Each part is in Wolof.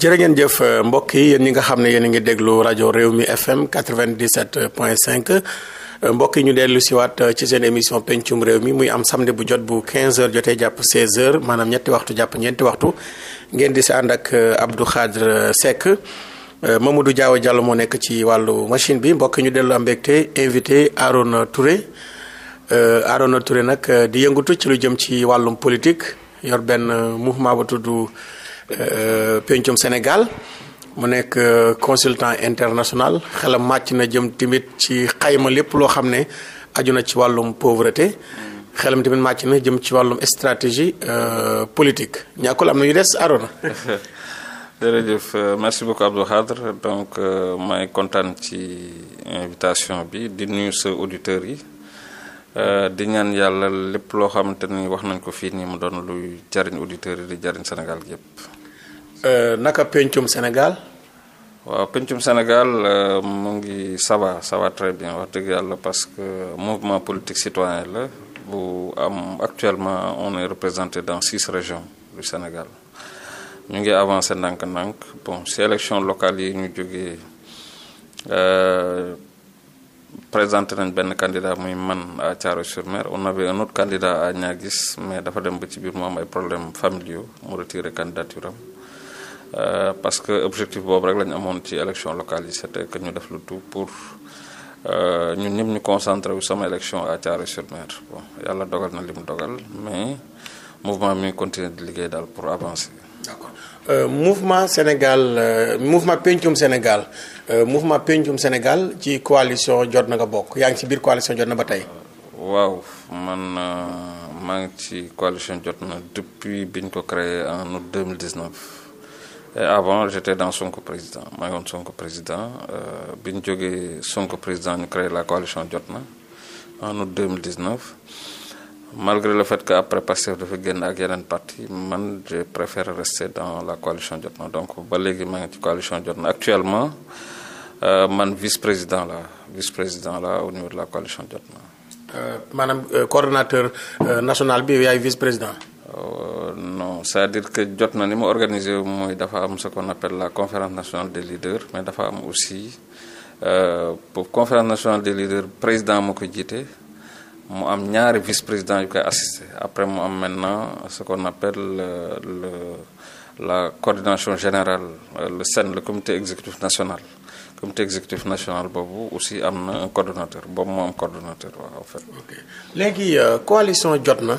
jërë ngeen jëf mbokk yi yéen ñi nga xam ne yéen a ngi déglu rajo réew mi FM 97.5 mbokk yi ñu dellu siwaat ci seen émission pencum réew mi muy am samedi bu jot bu 15h jotee jàpp 16h maanaam ñetti waxtu jàpp ñeenti waxtu ngeen di si ànd ak Abdou Khadre Seck du Diaw Diallo moo nekk ci wàllu machine bi mbokk ñu dellu am mbégte invité Arona Touré Arona Touré nag di yëngatu ci lu jëm ci wàllum politique yor benn mouvement ba tudd. Euh, pencum Sénégal mu nekk euh, consultant international xelam màcc na jëm tamit ci xayma lépp loo xam ne aju na ci wàllum pauvreté xelam tamit màcc na jëm ci wàllum stratégie euh, politique ñàkkul am na yu des Arona jërëjëf merci beaucoup Abdou Khadre donc may kontaan ci invitation bi di nuyu sa auditeurs yi di ñaan yàlla lépp loo xamante ni wax nañ ko fii nii mu doon luy jariñ auditeurs yi di jariñ Sénégal gi yëpp Euh, naka pencum Sénégal. waaw pencum Sénégal euh, mu ngi ça va ça va très bien wax dëgg yàlla parce que mouvement politique citoyen la bu am actuellement on est représenté dans six régions du Sénégal ñu ngi avancé ndànk-ndànk bon si élection locale yi ñu jógee euh, présenté nañ benn candidat muy man à Thiaroye-sur-Mer on avait un autre candidat à gis mais dafa dem ba ci biir mu am ay problèmes familiaux mu retiré candidature am. Euh, parce que objectif boobu rek lañu amoon ci élection locale yi c'était que ñu def lu tout pour euh, ñun ñëpp ñu concentre wu sama élection à Thiaroye-sur-Mer bon yàlla dogal na li mu dogal mais mouvement mi ngi continuer di liggéey daal pour avancer. d'accord euh, mouvement Sénégal euh, mouvement pencum Sénégal euh, mouvement pencum Sénégal ci coalition jot na nga bokk yaa ngi ci biir coalition jot na ba tey. Euh, waaw man na maa ngi ci coalition jot na depuis bi ñu ko créé en août 2019. et euh, avant j'étais dans Sonko président maa ngi woon Sonko président euh, bi ñu jógee Sonko président ñu créé la coalition na en août 2019 malgré le fait que après Pastef dafa génn ak yeneen parti man je préfère rester dans la coalition Jotna donc ba léegi maa ngi ci coalition Jotna actuellement euh, man vice président la vice président la au niveau de la coalition Jotna. Euh, maanaam euh, coordonnateur euh, national bi président. Euh, non c'est-à-dire que jot na ni mu organisé wu mooy dafa am ce qu'on appelle la conférence nationale des leaders mais dafa am aussi euh, pour conférence nationale des leaders président moo ko jiite mu am ñaari vice président yu koy assisté après mu am maintenant ce qu'on appelle la coordination général euh, le CEN le comité exécutif national comité exécutif national boobu aussi am na un coordonnateur boobu moo am coordonnateur waaw en léegi coalition jot na.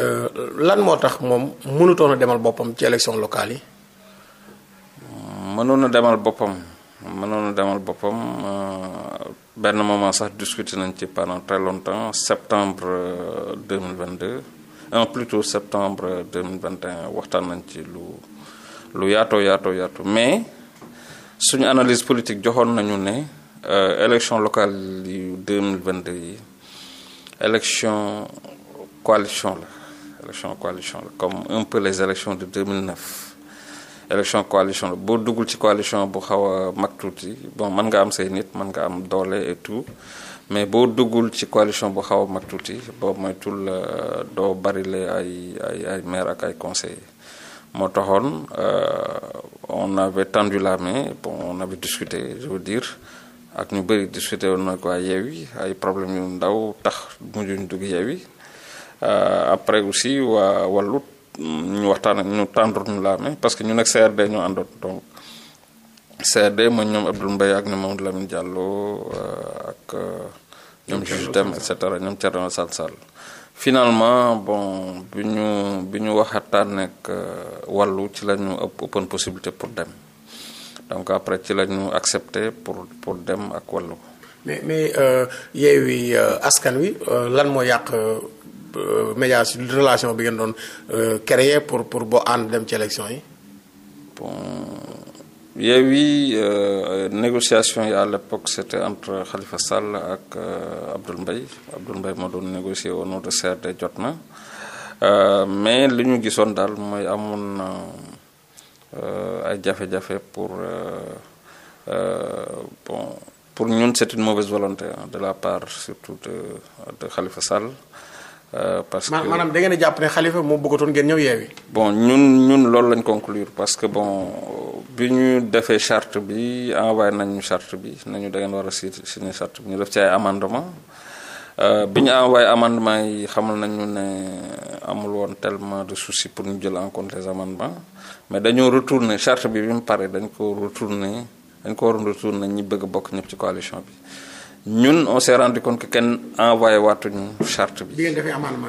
Euh, lan moo tax moom mënutoon demal boppam ci élection locale yi. mënoon a demal boppam mënoon a demal boppam euh, benn moment sax discuté nañ ci pendant très longtemps septembre 2022 euh, plus plutôt septembre 2021 waxtaan nañ ci lu lu yaatoo yaatoo yaatoo mais suñu analyse politique joxoon nañu ne élection locale yu 2022 yi élection coalition la élection coalition la comme un peu les élections de 2009 élection coalition la boo duggul ci coalition bu xaw a mag tuuti bon mën nga am say nit man nga am doole et tout mais boo duggul ci coalition bu xaw a mag tuuti boobu moytul euh, doo barile la ay ay maire ak ay conseillers moo taxoon euh, on avait tendu la main bon on avait discuté je veux dire ak ñu bëri discuté woon na ko ay Yewwi ay problème yu ndaw tax mujjuñ dugg Yewwi Euh, après aussi waa wàllu ñu waxtaan ak ñu tendre ñu la main parce que ñu nag CRD ñu àndoon donc CRD mooy ñoom Abdoul mbay ak ñoom Mamadou Lamine Diallo euh, ak euh, ñoom juge Dème et cetera ñoom Thierno Sall Sall finalement bon ñu bi ñu waxataan nekk wàllu ci la ñu ëpp open possibilité pour dem donc après ci la ñu pour dem ak wàllu mais mais Yewwi Wi lan moo yàq Euh, médiation relation bi ngeen doon euh, créer pour pour boo ànd dem ci élection yi. bon Yewwi euh, négociation yi à l'époque c'était entre Khalifa Sall ak Abdoul Mbaye Abdoul mbay moo doon négocier au nom de CRD Jotna mais li ñu gisoon daal mooy amoon na ay jafe-jafe pour bon pour ñun c'est une mauvaise volonté de la part surtout de de Khalifa Sall. Euh, parce que maanaam da ngeen a jàpp ne xalifa moo bëggatoon ngeen ñëw yeewi. bon ñun ñun loolu lañ conclure parce que bon bi ñu defee charte bi envoyé nañu charte bi nañu da ngeen war a signer charte bi ñu def ci ay amendement euh, bi ñu envoyé amendement yi xamal nañu ne amul woon telement de souci pour ñu jël en compte les amendements mais dañoo retourner charte bi bi mu pare dañ ko retourner dañ ko waroon retourner ñi bëgg bokk ñëpp ci coalition bi. ñun on s'est rendu compte kenn envoyé waatuñu chart bi. bi ngeen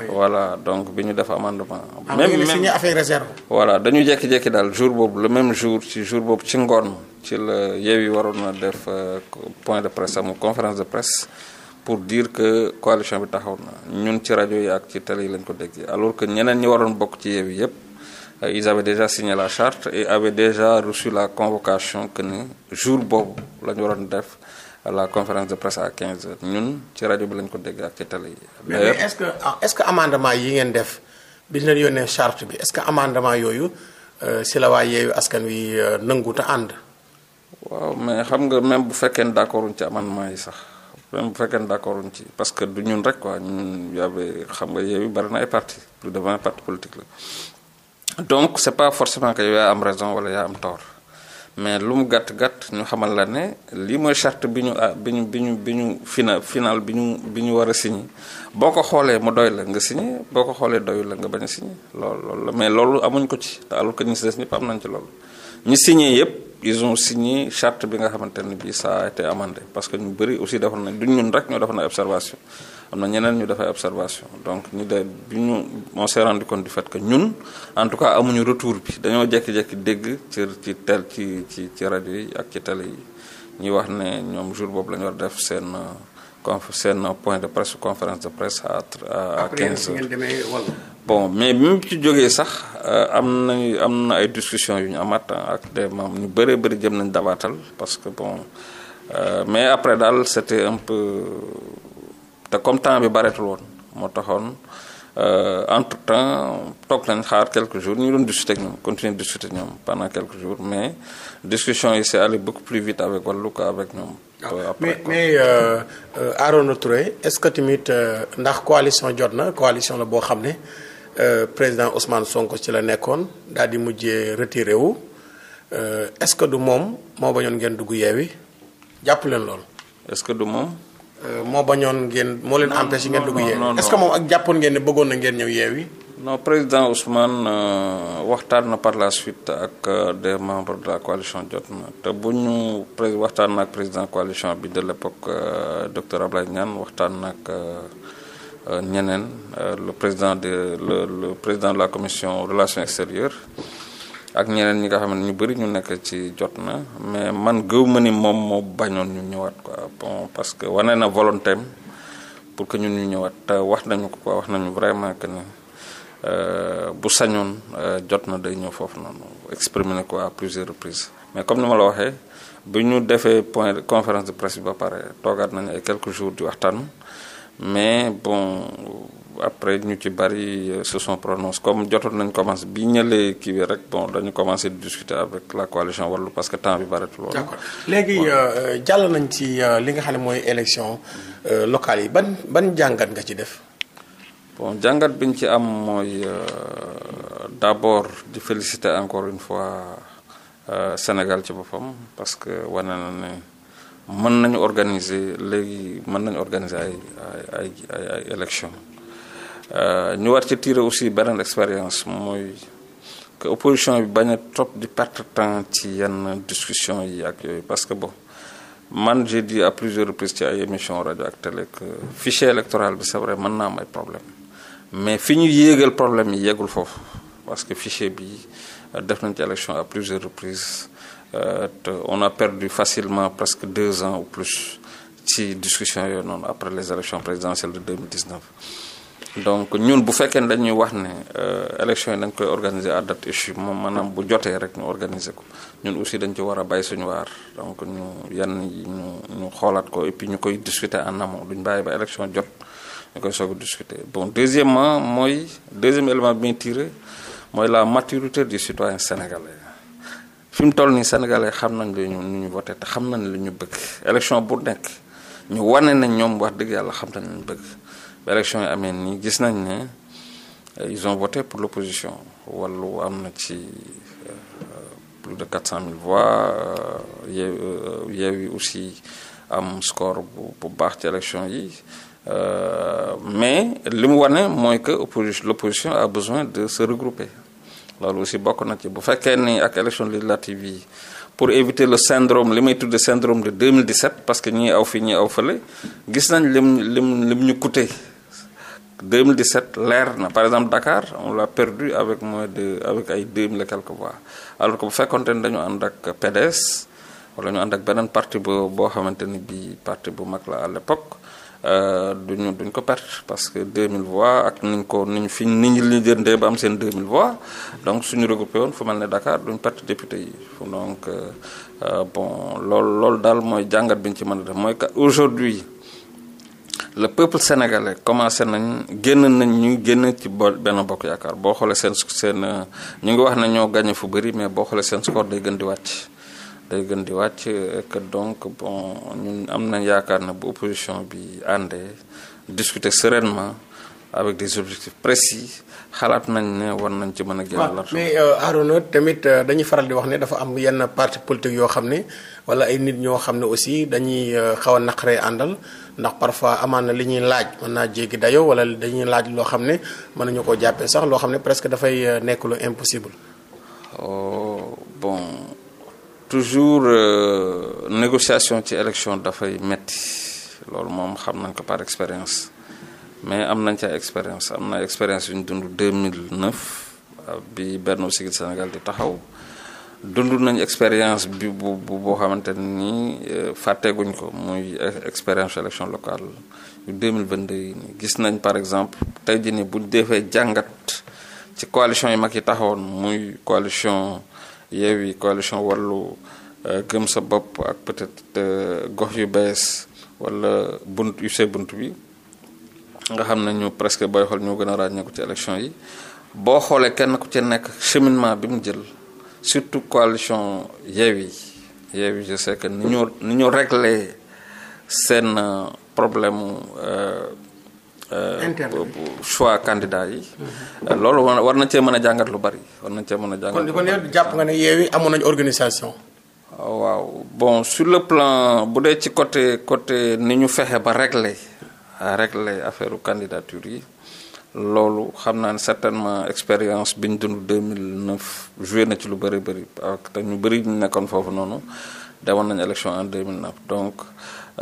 voilà donc bi ñu def amendement. Ah, même même signé affaire réserve. voilà dañu jékki-jékki daal jour boobu le même jour ci jour boobu ci ngoon ci la Yewwi waroon na def euh, point de presse amul conférence de presse pour diir que coalition bi taxaw na ñun ci rajo yi ak ci télé yi lañ ko déggee alors que ñeneen ñi waroon bokk ci Yewwi yépp euh, ils avaient déjà signé la charte et avaient déjà reçu la convocation que ni jour boobu la ñu waroon def. à la conférence de presse à 15 heures ñun ci rajo bi lañ ko dégg ak ci télé yi. mais est-ce que ah, est que amendement yi ngeen def bi ñu leen yónnee charte bi est-ce que amendement yooyu euh, si la waa yeeyu askan wi euh, nangu te ànd. waaw mais xam nga même bu fekkee ne d'accord wuñ ci amendement yi sax même bu fekkee ne d'accord wuñ ci parce que du ñun rek quoi ñun yàlla xam nga yeeyu bari na ay parti plus de vingt parti politique la donc c'est pas forcément que yaa am raison wala yaa am tort. mais lu mu gàtt gàtt ñu xamal la ne lii mooy charte bi ñu ah bi ñu bi ñu bi ñu final final bi ñu bi ñu war a signé boo ko xoolee mu doy la nga signé boo ko xoolee doy la nga bañ a signé loolu la mais loolu amuñ ko ci te alors que ñi si des ñëpp am nañ ci loolu ñi signé yëpp. ils ont signé chart bi nga xamante ne bii ça a été amendé parce que ñu bëri aussi defoon nañ duñ ñun rek ñoo defoon na observation am na ñeneen ñu dafay observation donc ñu de bi ñu on s'est rendu compte du fait que ñun en tout cas amuñu retour bi dañoo jekki-jekki dégg ci ci tel ci ci ci rajo yi ak ci télé yi ñuy wax ne ñoom jour boobu la ñu war def seen conf seen point de presse conférence at presse à heures bon mais bi mu ci jógee sax euh, am nañu am na ay discussions yu ñu amat ak des membres ñu bëree bëri jëm nañ dabaatal parce que bon euh, mais après daal c'était un peu te comme temps bi bareetul woon moo taxoon euh, entre temps toog leen xaar quelques jours ñu doon discuter ak ñoom continuer discuter ak ñoom pendant quelques jours mais discussion yi c'est allé beaucoup plus vite avec wàllu ko avec ñoom. Ah, euh, mais mais euh, Arona Touré est-ce que tamit ndax coalition jot na coalition la boo xam ne. Euh, président Ousmane Sonko ci la nekkoon daal di mujjee retiré wu euh, est-ce que du moom moo bañoon ngeen duggu yeewi jàpp leen loolu. est que du moom. Euh, moo bañoon ngeen moo leen si ngeen dugg Yewwi est-ce moom ak jàppoon ngeen ne bëggoon na ngeen ñëw Yewwi non président Ousmane euh, waxtaan na par la suite ak euh, des membres de la coalition jot na te bu ñu pré waxtaan na ak président coalition bi de l'époque docteur Ablaye ñaan waxtaan na ak ñeneen le président de le le président de la commission relations extérieures ak ñeneen ñi nga xam ne ñu bëri ñu nekk ci jot na mais man gëw ma ni moom moo bañoon ñu ñëwaat quoi bon parce que wane na volonté am pour que ñun ñu ñëwaat te wax nañu ko quoi wax nañu vraiment que ni euh, bu sañoon euh, jot na day ñëw foofu noonu exprimer na ko à plusieurs reprises mais comme ni ma la waxee bi ñu defee point conférence de presse bi ba pare toogaat nañu ay quelques jours di waxtaan. mais bon après ñu ci bari euh, se sont prononcés comme jotoon nañ commencé bi ñëlee kii bi rek bon dañu commencé di discuter avec la coalition wàllu parce que temps bi bëreetul woon. d'accord léegi euh, jàll nañ ci euh, li nga xam ne mooy élection locale yi ban ban jàngat nga ci def. bon jàngat bi ñu ci am mooy d'abord di féliciter encore une fois Sénégal ci boppam parce que wane na ne. mën nañu organiser léegi mën nañu organiser ay ay ay ay élection euh, ñu war ci tirer aussi beneen expérience mooy que opposition bi bañ trop di perte temps ci yenn discussion yi ak yooyu parce que bo man j'ai di à plusieurs reprises ci ay émission rajo ak télé que fichier électoral bi c'est mën naa am ay problème mais fi ñu yéegal problème yi yeggul foofu parce que fichier bi def nañ ci élection à plusieurs reprises Euh, on a perdu facilement presque deux ans ou plus ci discussion yooyu noonu après les élections présidentielles de 2019 donc ñun bu fekkee ne dañuy wax ne euh, élection yi dañ koy organiser à date échue moom maanaam bu jotee rek ñu organiser ko ñun aussi dañ ci war a bàyyi suñu waar donc ñu yan yi ñu xoolaat ko et ñu koy discuter en amont duñ bàyyi ba élection jot ñu koy soog a discuter bon deuxièmement mooy deuxième élément bi muy tiré mooy la maturité du citoyen sénégalais fi mu toll nii sénégalais xam nañ lu ñu ñu voté te xam nañ lu ñu bëgg élection bu nekk ñu wane nañ ñoom wax dëgg yàlla xam nañ lu ñu bëgg ba élection yi amee nii gis nañ ne euh, ils ont voté pour l'opposition wàllu am na ci euh, plus de 400 000 voix euh, Yewwi aussi am score bu baax ci élection yi mais li mu wane mooy que opposition l'opposition a besoin de se regrouper loolu aussi bokk na ci bu fekkee ak élection législative yi pour éviter le syndrome li may tudde syndrome de 2017 parce que ñii aw fi ñii aw fële gis nañ lim lim lim ñu coûté 2017 leer na par exemple Dakar on l'a perdu avec moins de avec ay 2000 et quelques voix bu fekkonte ne dañu ànd ak PDS wala ñu ànd ak beneen parti bu boo xamante ni bii parti bu mag la à l'époque Euh, duñu duñ ko perte parce que 2000 voix ak niñ ko niñ fi niñ li jëndee ba am seen 2000 voix donc suñu regroupé woon fu mel ne Dakar duñ perte député yi donc euh, euh, bon loolu loolu daal mooy jàngat bi ñu ci mën a def mooy que aujourd'hui le peuple sénégalais commencé nañ génn nañ ñu génn ci bo benn bokk yaakaar boo xoolee seen seen ñu ngi wax ne ñoo gagné fu bari mais boo xoolee seen score day gën di wàcc. day di wàcc et donc bon am nañ yaakaar na bu opposition bi àndee discuter sereinement avec des objectifs précis xalaat nañ ne war nañ ci mën a génn la mais euh, Arona tamit euh, dañuy faral di wax ne dafa am yenn parti politique yoo xam ne wala ay nit ñoo xam ne aussi dañuy euh, xaw a naqaree àndal ndax parfois amaan na li ñuy laaj mën naa jéggi dayo wala dañuy laaj loo xam ne mën nañu koo jàppee sax loo xam ne presque dafay nekk lu impossible. Oh, toujours euh, négociation ci élection dafay metti loolu moom xam nañ ko par expérience mais am nañ ca expérience am na expérience yu ñu dund 2009 ah, bi benn Siggil Sénégal di taxaw dundu nañ expérience bi bu boo xamante ni euh, fàtteeguñ ko muy expérience élection locale yu 2022 yi gis nañ par exemple tey jii nii buñ defee jàngat ci coalition yi mag yi taxawoon muy coalition. yi coalition Wallu euh, gëm sa bopp ak peut-être euh, gox yu bees wala bunt yu see bunt bi nga xam ne ñu presque booy xool ñoo gën a ko ci élection yi boo xoolee kenn ku ci nekk cheminement bi mu jël surtout coalition Yewwi Yewwi je sais que ni ñu ni ñu réglé seen euh, problème Euh, choix candidat yi. Euh, loolu war na cee mën a jàngat lu bari war nañ cee mën a jàngat. kon kon jàpp nga ne Yewwi amoon nañu organisation. Ah, waaw bon sur le plan bu dee ci côté côté ni ñu fexe ba régler régler affaire candidature yi loolu xam naa ne certainement expérience bi ñu dund 2009 joué na ci lu bëri bëri ak te ñu bëri ñu nekkoon foofu noonu demoon nañu élection en 2009 donc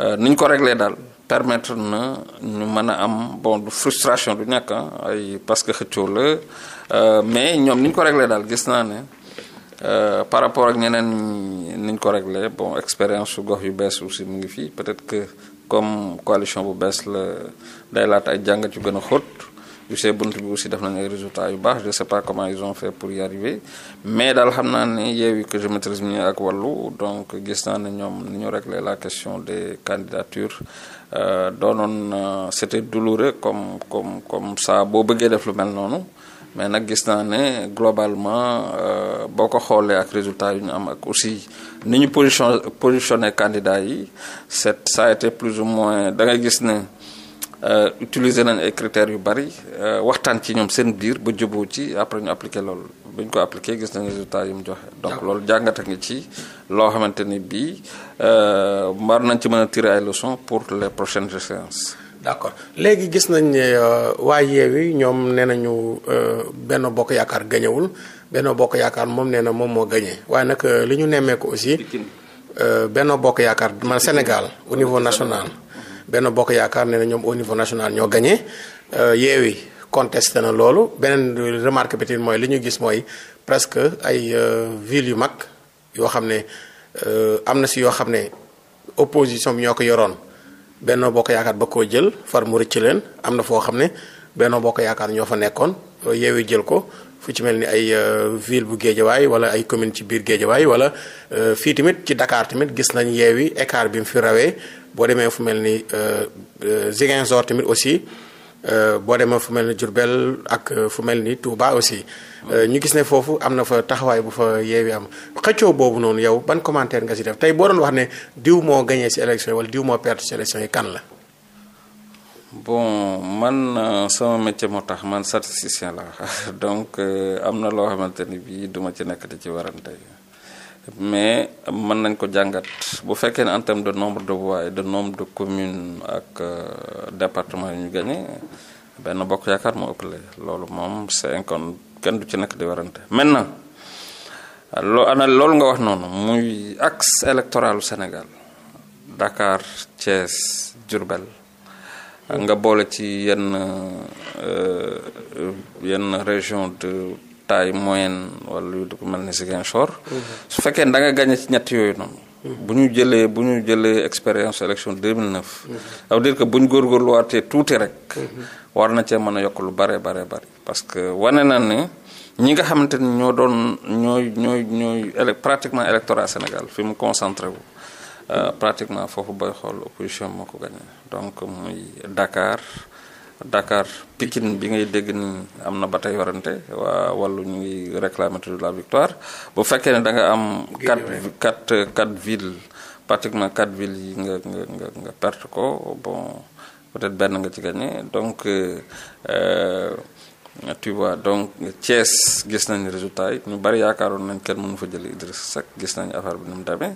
euh, niñ ñu ko réglé daal. permettre na ñu mën a am bon du frustration du ñàkk ay parce que xëccoo la euh, mais ñoom ni ñu ko reglee daal gis naa ne euh, par rapport ak ñeneen ni ñu ko réglé bon expérience su gox yu bees aussi mu ngi fii peut-être que comme coalition bu bees la day laat ay jàngat yu gën a xóot yu see bunt bi aussi def nañ ay résultats yu baax je sais pas comment ils ont fait pour y arriver mais daal xam naa ne Yewwi que je maîtrise ak wallu donc gis naa ne ñoom ni ñu réglé la question des candidatures Euh, doonoon euh, c'était douloureux comme comme comme ça boo bëggee def lu mel noonu mais nag gis naa ne globalement euh, boo ko xoolee ak résultat yu ñu am ak aussi ni ñu position positionné candidat yi c'est ça a été plus ou moins da gis ne utiliser nañ ay critères yu bari waxtaan ci ñoom seen biir ba juboo ci après ñu appliquer loolu buñ ko appliqué gis nañ résultat yi mu joxe. donc loolu jàngata nga ci loo xamante ni bii euh, war nañ ci mën a tirer ay leçons pour les prochaines séances. d' accord léegi gis nañ ne euh, waa Yewwi ñoom nee nañu euh, benn bokk yaakaar gañëwul benn bokk yaakaar moom nee na moom moo gañe waaye nag li ñu nemmeeku aussi. benn bokk yaakaar man Sénégal au niveau national. benn bokk yaakaar nee na ñoom au niveau national ñoo gañe Yewwi contesté na loolu beneen remarque bi mooy li ñu gis mooy presque ay euh, villes yu mag yoo xam ne euh, am na si yoo xam ne opposition bi ñoo ko yoroon Benno Bokk Yaakaar ba koo jël far mu rëcc leen am na foo xam ne Benno Bokk Yaakaar ñoo fa nekkoon Yewwi jël ko fu ci mel ni ay euh, ville bu Géejawaay wala ay commune ci biir Géejawaay wala fii tamit ci dakaar tamit gis nañ Yewwi écart bi mu fi rawee boo demee fu mel ni Ziguinchor tamit aussi Euh, boo demee fu mel ni Diourbel ak euh, fu mel ni Touba aussi. Euh, ñu gis ne foofu am na fa taxawaay bu fa yeewi am xëccoo boobu noonu yow ban commentaire nga ci def tey boo doon wax ne diw moo gañee si élection yi wala diw moo perte ci élection yi kan la. bon man sama métier moo tax man statisticien la donc am na loo xamante ni bii duma ci nekk di ci warante. mais mën nañ ko jàngat bu fekkee ne en terme de nombre de voix et de nombre de communes ak euh, département yi ñu gagné benn bokk yaakaar moo ëppale loolu moom c'est inconnu kenn du ci nekk di warante maintenant loo ana loolu nga wax noonu muy axe électoralu Sénégal Dakar Thiès Diourbel nga boole ci yenn euh, yenn région de taille moyenne wala yu ko mel ni Ziguinchor. su fekkee da nga gagné ci ñett yooyu noonu. bu ñu jëlee bu ñu jëlee expérience élection 2009. ça au dire que bu ñu góorgóorluwaatee tuuti rek. war na cee mën a yokk lu bare bare bari parce que wane na ni ñi nga xamante ni ñoo doon ñooy ñooy ñooy ele pratiquement électorat Sénégal fi mu concentré wu. Euh, pratiquement foofu booy xool opposition moo ko gagné donc muy Dakar. Dakar Pikine bi ngay dégg ni am na ba tey warante waa wàllu ñu ngi réclamer la victoire bu fekkee ne da nga am quatre quatre quatre villes pratiquement quatre villes yi nga nga nga perte ko bon peut-être benn nga ci gagné donc euh, tu donc Thiès gis nañu résultat yi ñu bari yaakaaroon nañ kenn mënu fa jëli Idrissa Seck gis nañu affaire bi ni mu demee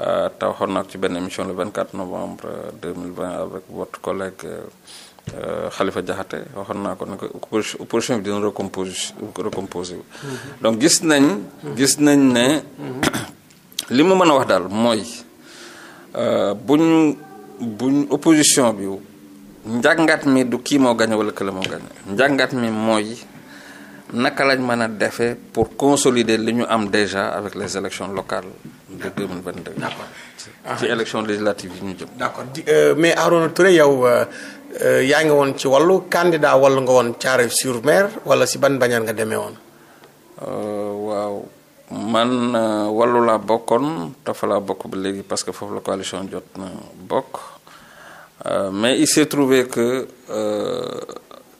euh, taw xoon naa ci benn émission le 24 novembre 2020 avec votre collègue euh, Euh, Khalifa Diakhaté waxoon naa ko nag opposition bi dina recompose recomposé donc gis nañ gis nañ ne li ma mën a wax daal mooy euh, buñ buñ opposition bi njàngat mi du kii moo gañe wala kële moo gañe njàngat mi mooy naka lañ mën a defee pour consolider li ñu am déjà avec les élections locales de 2022 d'accord ci élections législatives yi ñu jëm Euh, yaa ngi woon ci wàllu candidat wala nga woon Thiaroye sur maire wala si ban bañaan nga demee woon. Euh, waaw man euh, wallu laa bokkoon dafa bokk ba léegi parce que foofu la coalition jot na bokk mais il s'est trouvé que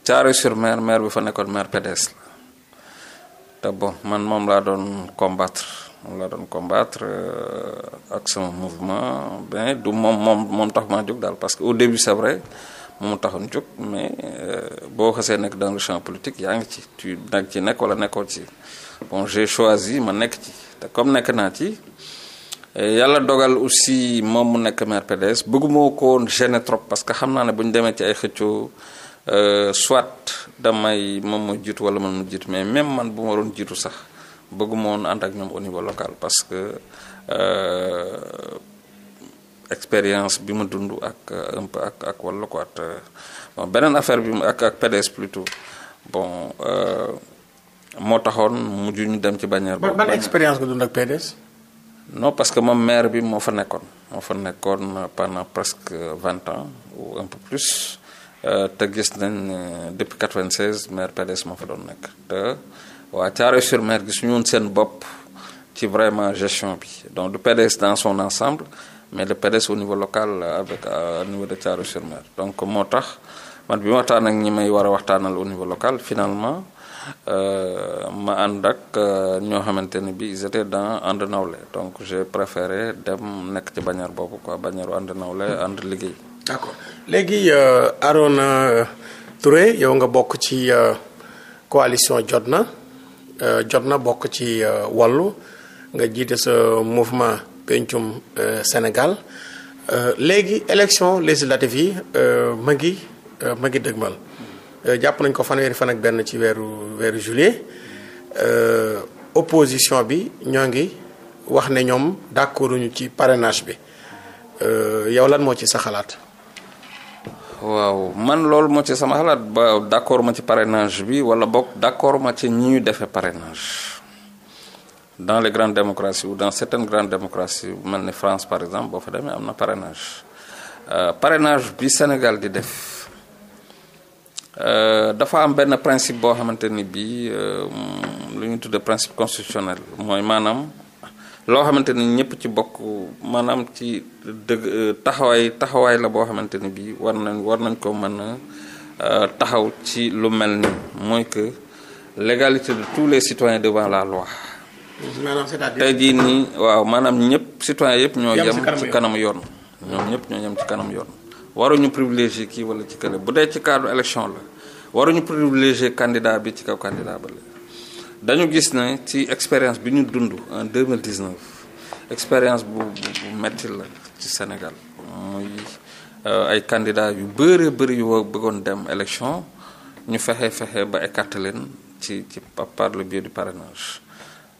Thiaroye sur Mer maire bi fa nekkoon maire PDS la te bon man moom laa doon combattre. moom laa doon combatre action sama mouvement ben du moom moom moom tax maa jóg daal parce que au début c'est vrai. mu taxoon jóg mais euh, boo xasee nekk dans le champ politique yaa ngi ci tu nag ci nekk wala nekkoo ci bon j'ai choisi ma nekk ci te comme nekk naa ci yàlla dogal aussi moom mu nekk maire PDS bëgguma ko woon gêner trop parce que xam naa ne bu ñu demee ci ay xëccoo euh, soit damay moom ma jiitu wala man ma jiitu mais même man bu ma waroon jiitu sax bëgguma woon ànd ak ñoom au niveau local parce que. Euh, expérience bi ma dund ak euh, un peu ak ak wàllu quoi beneen affaire bi mu ak ak PDS plutôt bon euh, moo taxoon mujj ñu dem ci bannière boobu. ban expérience nga dund ak PDS. que moom maire bi moo fa nekkoon moo fa nekkoon pendant presque vingt ans ou un peu plus euh, te gis nañ depuis 96 maire PDS moo fa doon nekk te waa Thiaroye-sur-Mer gis ñu woon seen bopp ci vraiment gestion bi donc du PDS dans son ensemble. mais le PDS au niveau local euh, avec euh, au niveau de thiaroye sur donc moo tax man bi ma waxtaan ak ñi may war a waxtaanal au niveau local finalement euh, ma ànd ak ñoo xamante ne bi ils étaient dans ànd nawle donc j'ai préféré dem nekk ci bannière boobu quoi bannière ànd nawle ànd liggéey. d'accord léegi Arona Touré yow nga bokk ci coalition jot na bokk ci wàllu nga jiite sa mouvement. pencum euh, Sénégal euh, léegi élection législative yi euh, ma ngi ma ngi dëgmal jàpp nañ ko fanweeri fan ak benn ci weeru weeru juillet opposition bi ñoo ngi wax ne ñoom d'accorduñu ci parenage bi yow lan moo ci sa xalaat. waaw man loolu moo ci sama xalaat ba d'accord ma ci parrainage bi wala boog d'accord ma ci ñi ñu defee parenage dans les grandes démocraties ou dans certaines grandes démocraties bu mel ni France par exemple boo fa demee am na parrainage euh, parrainage bi Sénégal di def euh, dafa am benn principe boo xamante ni bii euh, lu ñu tudde principe constitutionnel mooy maanaam loo xamante ni ñëpp ci bokk maanaam ci dëgg taxawaay taxawaay la boo xamante ni bii war nañ war nañ ko mën a taxaw ci lu mel ni mooy que l'égalité de tous les citoyens devant la loi maanaam cest tey jii nii waaw maanaam ñëpp citoyen yëpp ñoo yem ci kanamu yoon ñoom ñëpp ñoo yem ci kanam yoon waruñu privilégié kii wala ci kële bu dee ci cadre élection la waruñu privilégié candidat bi ci kaw candidat ba la dañu gis ne ci expérience bi ñu dund en 2019 expérience bu bu metti la ci Sénégal muy euh, ay candidat yu bëree bëri yu bëggoon dem élection ñu fexe fexe ba écarté leen ci ci par le biais du parrainage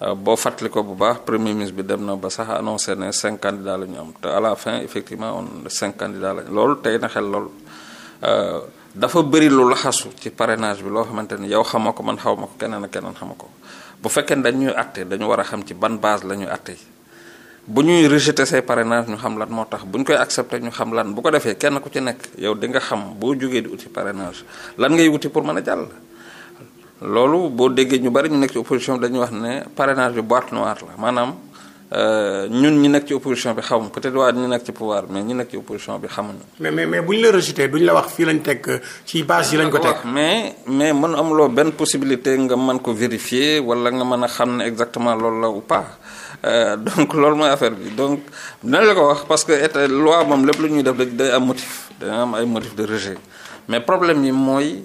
Euh, boo fàttali ko bu baax premier ministre bi dem na ba sax annoncé ne cinq candidats lañu am te à fin effectivement on cinq candidats lañ loolu tey na xel lool euh, dafa bëri lu laxasu ci parenage bi loo xamante ni yow xama ko man xaw ma ko keneen ak keneen xama ko bu fekkee ne dañuy atte dañu war a xam ci ban base la ñuy atte bu ñuy rejeter say parrainage ñu xam lan moo tax bu ñu koy accepter ñu xam lan bu ko defee kenn ku ci nekk yow di nga xam boo jógee di uti parrainage lan ngay wuti pour mën a jàll loolu boo déggee ñu bari ñu nekk ci opposition bi dañuy wax ne parrainage bi boîte noire la maanaam euh, ñun ñi nekk ci opposition bi xamuñ peut-être waa ñu nekk ci pouvoir mais ñi nekk ci opposition bi xamuñu. mais mais mais bu ñu la rejeté duñ la wax fii lañ teg ci base yi lañ ko teg. mais mais man amuloo benn possibilité nga man ko vérifier wala nga mën a xam ne exactement loolu la ou pas euh, donc loolu mooy affaire bi donc dinañ la ko wax parce que état loi moom lépp lu ñuy def day am motif day am ay motif de rejet mais problème yi mooy.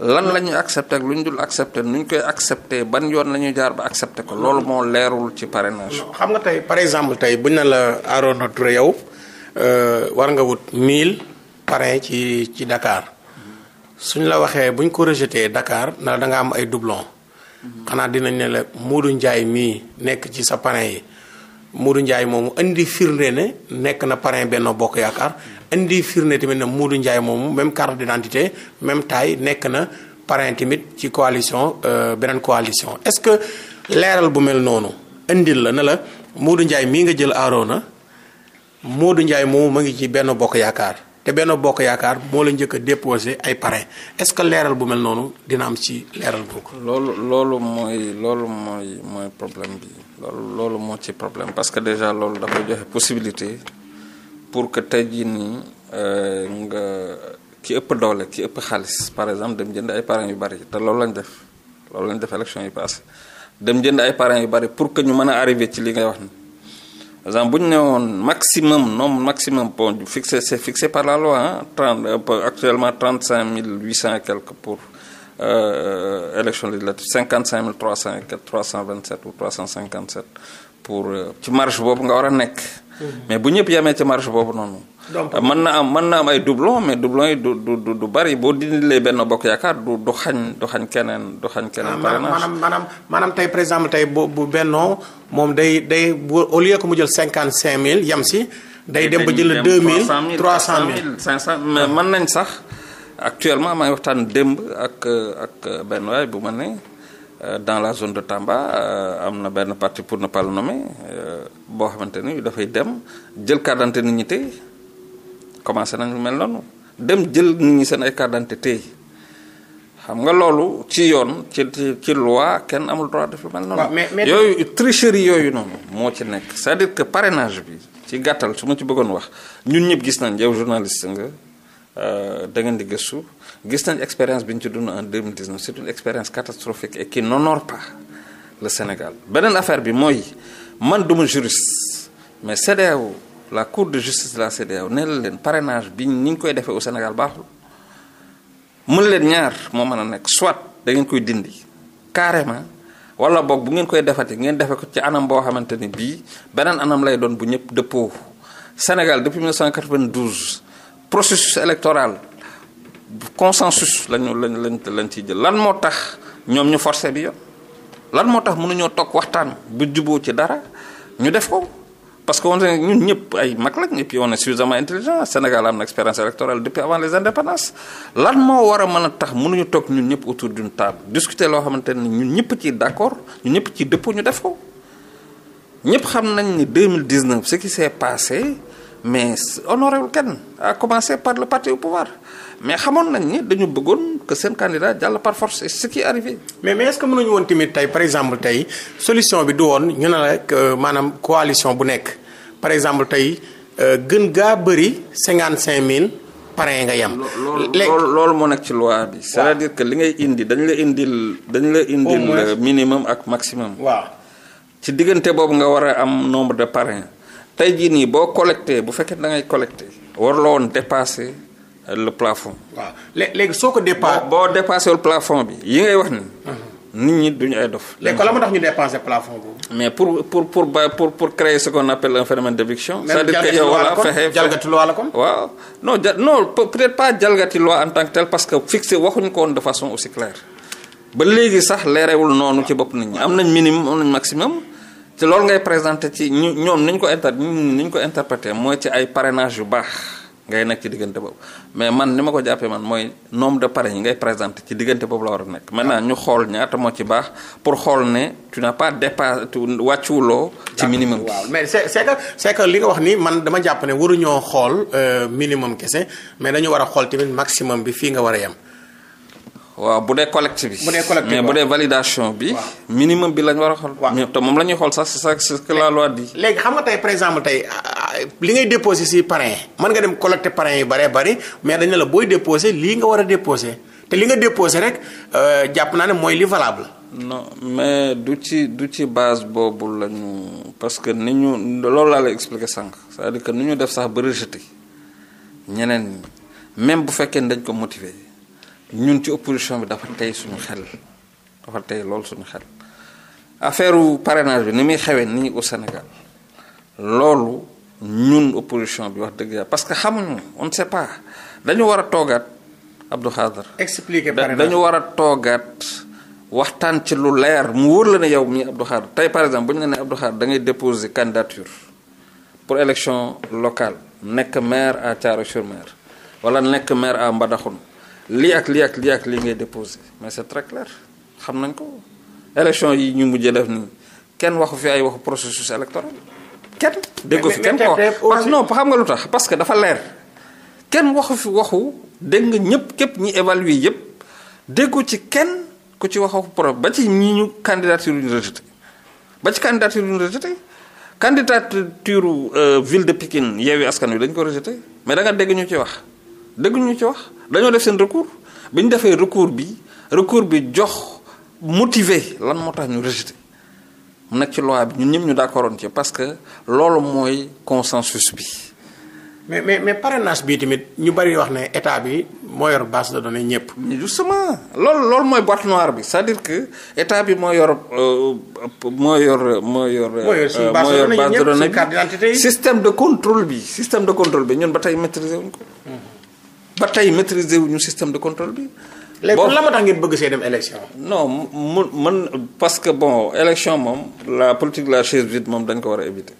lan la ñuy accepté ak lu ñu dul accepté nu ñu koy accepté ban yoon la ñuy jaar ba accepté ko loolu moo leerul ci parrainage. xam nga tey par exemple tey buñ ne la Arona Touré yow euh, war nga wut 1000 parrain ci ci Dakar suñ la waxee buñ ko rejeté dakaar na da nga am ay doublon xanaa dinañ ne la Modou njaay mii nekk ci sa parrain yi Modou njaay moomu indi firnde ne nekk na parrain Benno Bokk Yaakaar indi firnde tamit na Moodu njaay moomu même carte d'identité même taille nekk na parrain tamit ci coalition euh, beneen coalition est-ce que leeral bu mel noonu indi la ne la Moodu njaay mii nga jël Arona Moodu Ndiaye moomu ma ngi ci benn bokk yaakaar te benn bokk yaakaar moo la njëkk a déposé ay parrain est-ce que leeral bu mel noonu dina am ci leeral boobu. loolu loolu loolu mooy mooy problème bi loolu loolu moo ci problème parce que déjà loolu dafa joxe possibilité. pour que tey jii nii euh, nga ki ëpp doole ki ëpp xaalis par exemple dem jënd ay parrains yu bari te loolu lañ def loolu lañ def élection yi passé dem jënd ay parrains yu bari pour que ñu mën a arrivé ci li ngay wax ni par exemple bu ñu newoon maximum nombre maximum bon fixé c'est fixé par la loi ah trente euh, actuellement trente cinq mille huit cent et quelque pour euh, élection législative cinquante cinq mille trois cent et quelque trois cent vingt sept ou trois cent cinquante sept pour ci marge boobu nga war a nekk. mais bu ñëpp yamee ci marge boobu noonu. donc mën na am mën na am ay doublon mais dublon yi du du du du bari boo dindilee benn bokk yaakaar du du xañ du xañ keneen du xañ keneen. Ah, parrainage maanaam maanaam maanaam tey par exemple tey bu bu bennoo moom day day bu au lieu que mu jël cinquante cinq mille yem si. day dem ba jël deux mille trois cent mille cinq cent mais man nañ sax actuellement maa ngi waxtaan démb ak ak benn waay bu ma ne. Euh, dans la zone de Tamba euh, am na benn parti pour ne pas le euh, boo xamante ni dafay dem jël carte d'identité nit ñi tey commencé nañu mel noonu dem jël nit ñi seen ay carte d'identité xam nga loolu ci yoon ci ci ci loi kenn amul droit def lu mel noonu. yooyu tricherie yooyu noonu moo ci nekk c'est-à-dire que parrainage bi ci gàttal su ma ci bëggoon wax ñun ñëpp gis nañ yow journaliste nga da ngeen di gëstu. gis nañ expérience bi ñu ci dund en 2019 c'est une expérience catastrophique et qui n'honore pas le Sénégal beneen affaire bi mooy man duma juriste mais CEDEAO la cour de justice de la CEDEAO nee la leen parrainage bi ni ñu koy defee au Sénégal baaxul mën leen ñaar moo mën a nekk soit dangeen koy dindi carrément wala boog bu ngeen koy defati ngeen defe ko ci anam boo xamante ni bii beneen anam lay doon bu ñëpp dëppoo Sénégal depuis 1992 processus électoral consensus lañu lañ lañ lañ jël lan moo tax ñoom ñu forcé bi yoon lan moo tax mënuñoo toog waxtaan bu juboo ci dara ñu def ko parce que on ñun ñëpp ay mag lañ et puis on est suffisamment intelligent Sénégal am na expérience électorale depuis avant les indépendances lan moo war a mën a tax mënuñu toog ñun ñëpp autour d'une table discuter loo xamante ni ñun ñëpp ci d'accord ñun ñëpp ci dëppoo ñu def ko ñëpp xam nañ ni 2019 ce qui s'est passé mais honorable kenn a commencé par le parti au pouvoir mais xamoon nañ ni dañu bëggoon que seen candidat jàll par force et ce qui arrivé. mais mais est ce que mënuñu woon tamit tey par exemple tey solution bi du woon ñu ne rek maanaam coalition bu nekk par exemple tey euh, gën gaa bëri cinquante cinq mille parrain nga yem. loolu loolu moo nekk ci loi bi. c'est à dire que li ngay indi dañu la indil. dañu la indil minimum ak maximum. waaw ci diggante boobu nga war a am nombre de parrain tey jii nii boo collecté bu fekkee da ngay collecté warloo woon dépassé. le plafond. waaw léegi soo ko dépassé. boo boo dépassé plafond bi yi ngay wax ni. Uh-huh. nit ñi duñu ay dof. lekk kon la mu tax ñu dépassé plafond boobu. mais pour pour pour ba pour pour créer ce qu'on appelle un phénomène d'éviction. c'est-à-dire que yow voilà fexe jalgati loi la en tant que tel parce que fixé waxuñu ko woon de façon aussi claire. ba léegi sax leerewul noonu ci bopp nit ñi am nañ minimum am nañ maximum. te loolu ngay présenté ci ñoom ni ñu ko inter ni ñu ko interprété mooy ci ay parrainage yu baax. ngay nekk ci diggante boobu mais man ni ma ko jàppee man mooy nombre de pare yi ngay présenté ci diggante boobu la war a nekk maintenant ñu xool ñaata moo ci baax pour xool ne tu n'as pas dépassé wàccuwuloo ci minimum waaw mais c'est c'est que c'est que li nga wax ni man dama jàpp ne waruñoo xool euh, minimum kese mais dañu war a xool tamit maximum bi fii nga war a yem waaw bu dee collecte bi. bu dee collecte mais bu dee validation bi. minimum bi lañ war a xool. waaw te moom la ñuy xool sax c'est ça la loi dit. léegi xam nga tey par exemple tey ah, ah, li ngay déposé si parrain mën nga dem collecte parrain yu bëree bari mais dañ ne la booy déposé lii nga war a déposé te li nga déposé rek euh, jàpp naa ne mooy li valable. non mais du ci du ci base boobu la ñu parce que ni ñu loolu laa lay expliqué sànq c'est-à-dire que ni ñu def sax ba rejeté ñeneen ñi même bu fekkee dañ ko motiver. ñun ci opposition bi dafa tey suñu xel dafa tey lool suñu xel affaire parrainage bi ni muy xewee nii au Sénégal loolu ñun opposition bi wax dëgg yàlla parce que xamuñu on ne pas dañu war a toogaat Abdou Khadre. expliquer parrainage dañu war a toogaat waxtaan ci lu leer mu wóor la ne yow mii Abdou Khadre tey par exemple bu ñu la nee Abdou Khadre da ngay déposer candidature pour élection locale nekk maire à Thiaroye-sur-Mer wala nekk maire à Mbadakhoune lii ak lii ak lii ak lii ngay déposé mais c'est très clair xam nañ ko élection yi ñu mujjee def nii kenn waxu fi ay waxu processus électoral kenn déggoo fi kenn ko wax no xam nga lu tax parce que dafa leer kenn waxu fi waxu dégg nga ñëpp képp ñi évaluer yëpp déggoo ci kenn ku ci wax waxu pro ba ci ñi ñu candidature ñu rejeté ba ci candidature ñu rejeté candidature euh, ville de Pikine Yewwi Askan Wi dañ ko rejeté mais da nga dégg ñu ci wax ñu ci wax dañoo def seen recours bi ñu defee recours bi recours bi jox motivé lan moo tax ñu rejeté mu nekk ci loi bi ñun ñëpp ñu d'accordoon ci parce que loolu mooy consensus bi. mais mais mais parrainage bi tamit ñu bari wax ne état bi moo yor base de données ñëpp. mais loolu loolu mooy bi cest à que état bi moo yor euh, moo yor yor. moo yor euh, base de données bi système de contrôle bi système de contrôle bi ñun ba tey maîtriser wuñ ko. Hmm. ba tey wu ñu système de contrôle bi. léegi la ma tax ngeen bëgg see dem élection. no mu man parce que bon élection moom la politique de la chaise vide moom dañ ko war a éviter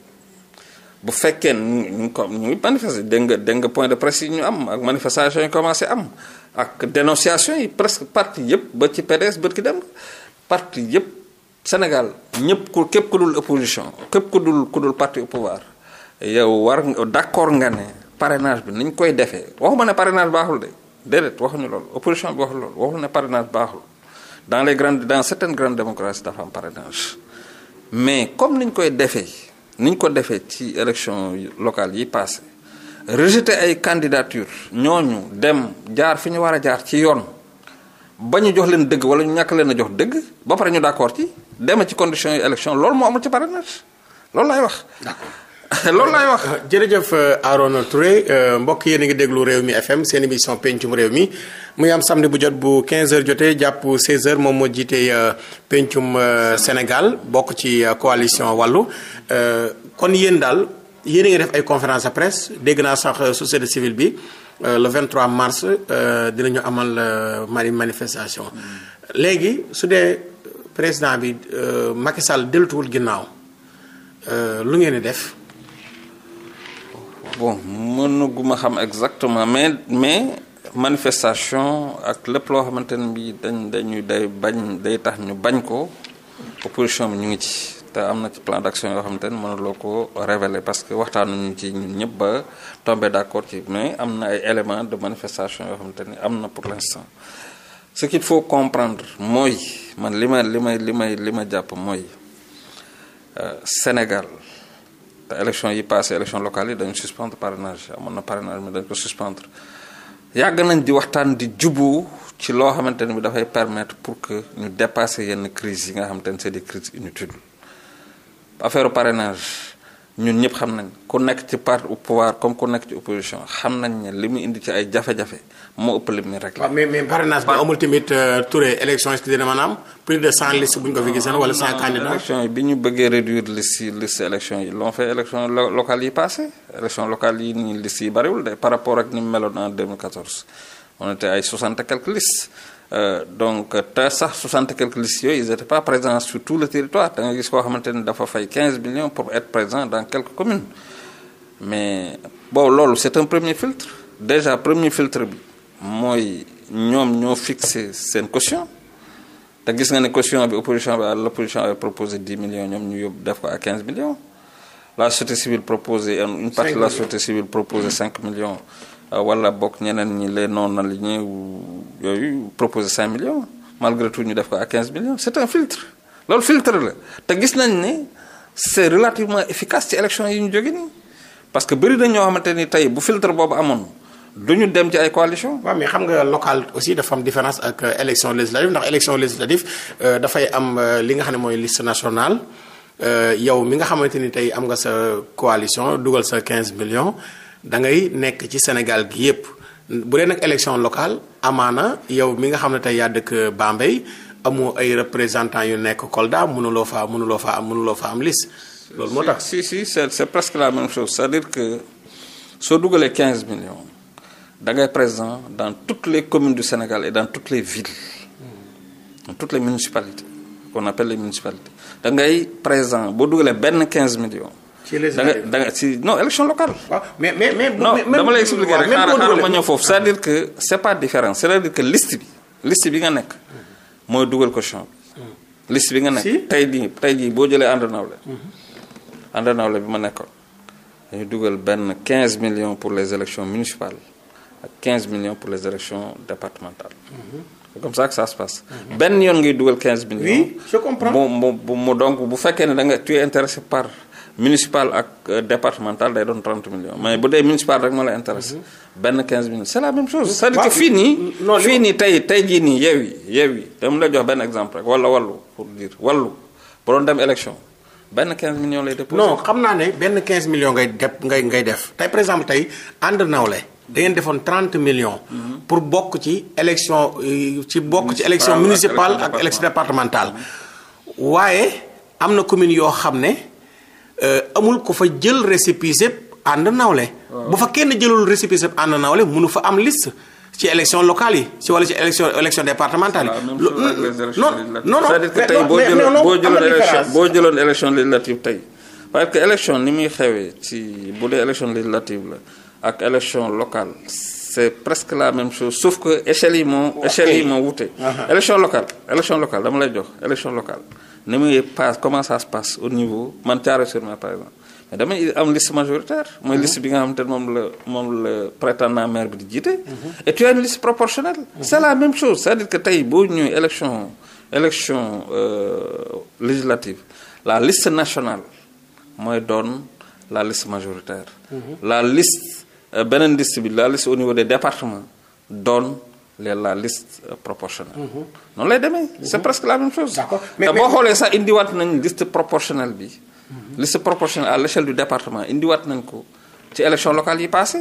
bu fekkee ñu ngi ko ñu ngi manifester dégg nga dégg nga point de presse yi ñu am ak manifestation yi commencé am ak dénonciation yi presque parti yëpp ba ci PDS bët ki dem parti yëpp Sénégal ñëpp ku képp ku dul opposition képp ku dul ku dul parti au yow war d' accord nga ne. parrainage bi nañ koy defee waxuma ne parrainage baaxul de déedéet waxuñu loolu opposition bi waxul loolu waxul ne parrainage baaxul dans les grandes dans certaines grandes démocraties dafa am parrainage mais comme niñ koy defee niñ ko defee ci élection locale yi passé rejeter ay candidature ñooñu dem jaar fi ñu war a jaar ci yoon ba ñu jox leen dëgg wala ñu ñàkk leen a jox dëgg ba pare ñu d'accord ci dem ci conditions yi élection loolu moo amul ci parrainage loolu laay wax loolu laay wax euh, jërëjëf euh, Arona Touré euh, mbokk yéen a ngi déglu réew mi FM seen émission pencum réew mi muy am samedi bu jot bu 15h jotee jàpp 16h moom moo jiite pencum Sénégal bokk ci coalition wàllu kon yéen daal yéen a ngi def ay conférence de presse dégg naa sax société civile bi le 23 mars dinañu amal mari manifestation mm. léegi su dee président bi Macky Sall dellutuwul ginnaaw lu ngeen di def. bon mënaguma xam exactement mais mais manifestation ak lépp loo xamante ne bii dañ dañuy day bañ day tax ñu bañ ko opposition bi ñu ngi ci te am na ci plan d'action yoo xam ne mënuloo ko révéler parce que waxtaanuñu ci ñun ñëpp ba tombé d'accord ci mais am na ay éléments de manifestation yoo xamante ni am na pour l'instant ce qu'il faut comprendre mooy man li ma li may li may li ma jàpp mooy euh, Sénégal te yi passé élection locale yi dañu suspendre parrainage amoon na parrainage mais dañ ko suspendre yàgg nañ di waxtaan di jubu ci loo xamante ne bi dafay permettre pour que ñu dépasser yenn crise yi nga xamante ne c'est des crises inutiles affaire parrainage ñun ñëpp xam nañ ku nekk ci parti au pouvoir comme ku nekk ci opposition xam nañ ne li mu indi ci ay jafe-jafe moo ëpp li mu rek la. waaw mais mais parrainage bi amul tamit euh, Touré élection est-ce que de cent listes bu ñu ko fi gisee wala cent candidats. élection bi ñu bëggee réduire liste yi liste élection yi l'on fait élection locale yi passé élection locale yi nii liste yi bariwul de par rapport ak ni mu meloon en 2014 on était ay soixante et quelques Euh, donc te sax 60 quelques listes yooyu ils n'étaient pas présents sur tout le territoire da nga gis koo xamante ni dafa fay 15 millions pour être présent dans quelques communes mais boobu loolu c'est un premier filtre déjà premier filtre bi mooy ñoom ñoo fixé seen caution te gis nga ne caution bi opposition bi l'opposition avait proposé 10 millions ñoom ñu yóbbu def ko à 15 millions la société civile proposé une partie de la société civile proposé 5 millions Euh, wala bokk ñeneen ñi les non alignés yooyu proposé 5 millions malgré tout ñu def ko à 15 millions c'est un filtre loolu filtre la te gis nañ ni c'est relativement efficace ci élection yi ñu jóge nii parce que bëri na ñoo xamante ni tey bu filtre boobu amoon du ñu dem ci ay coalition waaw mi xam nga local aussi dafa am différence ak euh, élection législative ndax élection législative euh, dafay am li nga xam ne mooy liste nationale yow mi nga xamante ni tey am nga sa coalition dugal sa 15 millions. da ngay nekk ci Sénégal gi yépp bu dee nag élection locale amaana yow mi nga xam ne tey yaa dëkk Bambey amoo ay représentants yu nekk Kolda mënuloo fa mënuloo fa am mënuloo faa am liste. loolu moo tax si si c'est presque la même chose c'est-à-dire que soo dugalee quinze millions da ngay présent dans toutes les communes du Sénégal et dans toutes les villes hmm. dans toutes les municipalités qu'on appelle les municipalités da ngay présent boo dugalee benn quinze millions. ci les da nga da si non élection locale. waaw ah, mais mais mais. non dama lay expliquer rek xaaral xaaral ma ñëw foofu cest à bi nga nekk mooy dugal caution bi. liste bi nga nekk tey jii tey jii boo jëlee ànd nawle. ànd bi ma nekkoon dañu dugal benn 15 millions pour les élections municipales ak 15 millions pour les élections départementales. c'est comme ça que ça se passe. benn yoon ngay dugal 15 millions. oui je mu mu bu fekkee ne da nga tu es intéressé par. municipal ak euh, départemental day doon 30 millions mais bu dee municipal rek moo la intéresse mhm. benn 15 millions c'est la même chose c'est-à-dire que fii nii fii nii tey tey jii nii yeew yi yeew yi dama la jox benn exemple rek wala wallu pour dire wallu bu doon dem élection benn 15 millions lay déposé. non xam naa ne benn 15 millions ngay def ngay ngay def tey par exemple tey ànd nawle da ngeen defoon 30 millions. Mhm. pour bokk ci élection euh, ci bokk ci élection ah, municipale ak élection départementale waaye am na commune yoo xam ne. Euh, amul ko fa jël récépissé ànd nawle bu fa kenn jëlul récépissé ànd nawle mënu fa am liste ci élection locale yi ci wala ci élection élection départementale yi. Euh, non non non c'est-à-dire que tey boo jëloon boo jëloon élection boo jëloon élection législative tey parce que élection li muy xewee ci bu dee élection législative la ak élection locale c'est presque la même chose sauf que échelle yi moo. échelle yi moo wute. élection locale élection locale dama lay jox élection locale. ne muy passe comment ça se passe au niveau man Thiaroye sur Mer par exemple mais damay am liste majoritaire mooy mhm. liste bi nga xamante ne moom la moom la prétendant maire bi di jiite mhm. et tu as une liste proportionnelle mhm. c' la même chose c'est-à-dire que tey boo ñëwee élection élection euh, législative la liste nationale mooy doon la liste majoritaire la liste euh, beneen liste bi la liste au niveau des départements doon la liste euh, proportionnelle. Mm-hmm. noonu lay demee. Mm-hmm. c' presque la même chose. d' accord mais te boo xoolee sax indiwaat nañ liste proportionnelle bi. Mm-hmm. liste proportionnelle à l' du département indiwaat nañ ko ci élection locale yi passé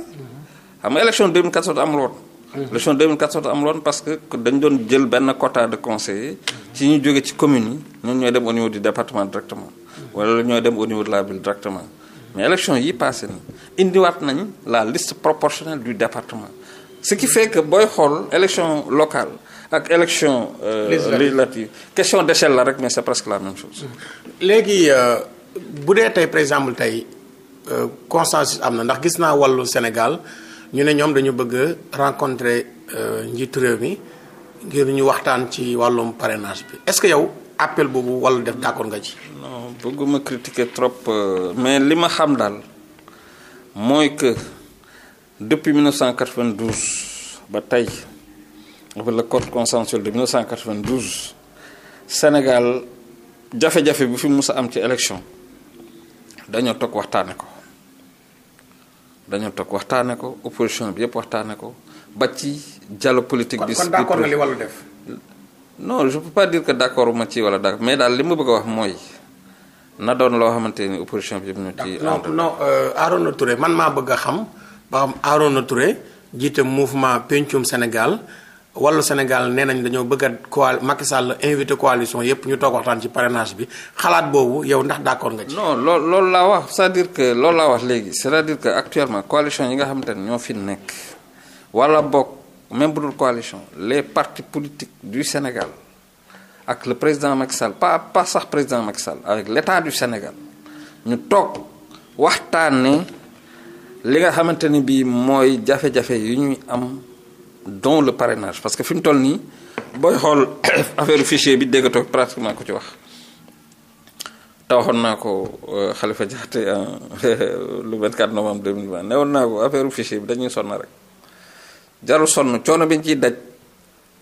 xam nga élection 2014 amul woon. élection parce que dañ doon jël benn quota de conseillers. ci ñu jóge ci communes yi ñoom ñooy dem au niveau du département directement. wala ñooy dem au niveau de la ville directement. mais élection yi passé na indiwaat nañ la liste proportionnelle ce qui fait booy xool élection locale ak élection euh, législative question de d'échelle la rek mais c'est presque la même chose léegi euh, bu dee tey par exemple tey euh, consensus am na ndax gis naa wallu Sénégal ñu ne ñoom dañu bëgg rencontrer njiitu réew mi ngir ñu waxtaan ci wàllum parrainage bi est-ce que yow appel boobu wàllu def d'accord nga ci non bëgguma critiquer trop mais li ma xam daal mooy que depuis 1992 ba tey ba le code consensuel de cent 1992 Sénégal jafe-jafe bu fi mus a am ci élection dañoo toog waxtaane ko dañoo toog waxtaane ko opposition bi yëpp waxtaane ko ba ci dialogue politique. bi kon d'accord nga li wàllu def. non je peux pas dire que d'accord ma ci wala d'accord mais daal li ma bëgg a wax mooy. na doon loo xamante ni opposition bi yëpp ñu ci. non non euh, Arona Touré man maa bëgg a xam. ba xam Arona Touré jiite mouvement pencum Sénégal wàllu Sénégal nee nañ dañoo bëgg a coal Macky Sall invité coalition yépp ñu toog waxtaan ci parrainage bi xalaat boobu yow ndax d'accord nga ci. non loo loolu laa wax c'est-à-dire que loolu laa wax léegi c'est-à-dire que actuellement coalition yi nga xamante ne ñoo fi nekk wala bokk même bu dul coalition les parti politiques du Sénégal ak le président Macky Sall pas pas sax président Macky Sall avec l'État du Sénégal ñu toog li nga xamante ni bii mooy jafe-jafe yu ñuy am donc le parrainage parce que fi mu toll nii booy xool affaire fichier bi déggatoo pratiquement ko ci wax te naa ko xalifa euh, Khalifa Diakhaté euh, le 24 novembre 2020 newoon naa ko affaire fichier bi dañuy sonn rek jarul sonn coono bi ñu ciy daj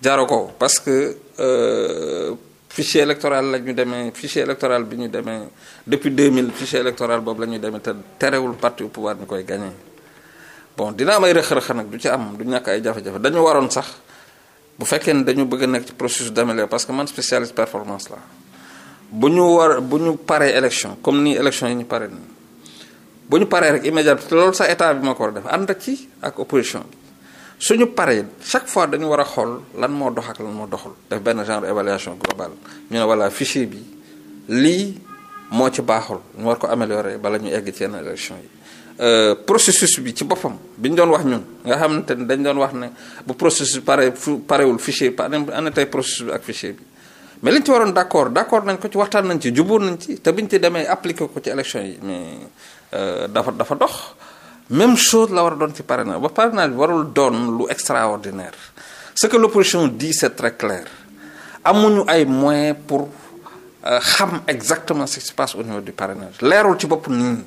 jaaro ko parce que euh, fichier électoral la ñu demee fichier électoral bi ñu demee depuis 2000 fichier électoral boobu la ñu demee te terewul parti au pouvoir ñu koy gagné bon dina am ay rëq-rëq nag du ci am du ñàkk ay jafe-jafe dañu waroon sax bu fekkee ne dañu bëgg a nekk ci processus d'amélioration parce que man spécialiste performance la bu ñu war bu ñu paree élection comme nii élection yi ñu paree nii bu ñu paree rek immédiat loolu sax état bi ma ko war a def ànd ak ci ak opposition bi suñu paree chaque fois dañu war a xool lan moo dox ak lan moo doxul def benn genre évaluation globale ñu ne voilà fichier bi lii moo ci baaxul ñu war ko améliorer bala ñu egg ci yenn élection yi euh, processus bi ci boppam bi ñu doon wax ñun nga xam xamante ni dañ doon wax ne bu processus pare parewul fichier bi ana tey processus bi ak fichier bi mais li ci waroon d' accord d' nañ ko ci waxtaan nañ ci jubóor nañ ci te biñ ci demee appliqué ko ci élection yi mais euh, dafa dafa dox même chose la war a doon ci parrainage ba parrainage bi warul doon lu extraordinaire ce que l'opposition di c'est très clair amuñu ay moyens pour euh, xam exactement ce qui se passe au niveau du parrainage leerul ci bopp nit ñi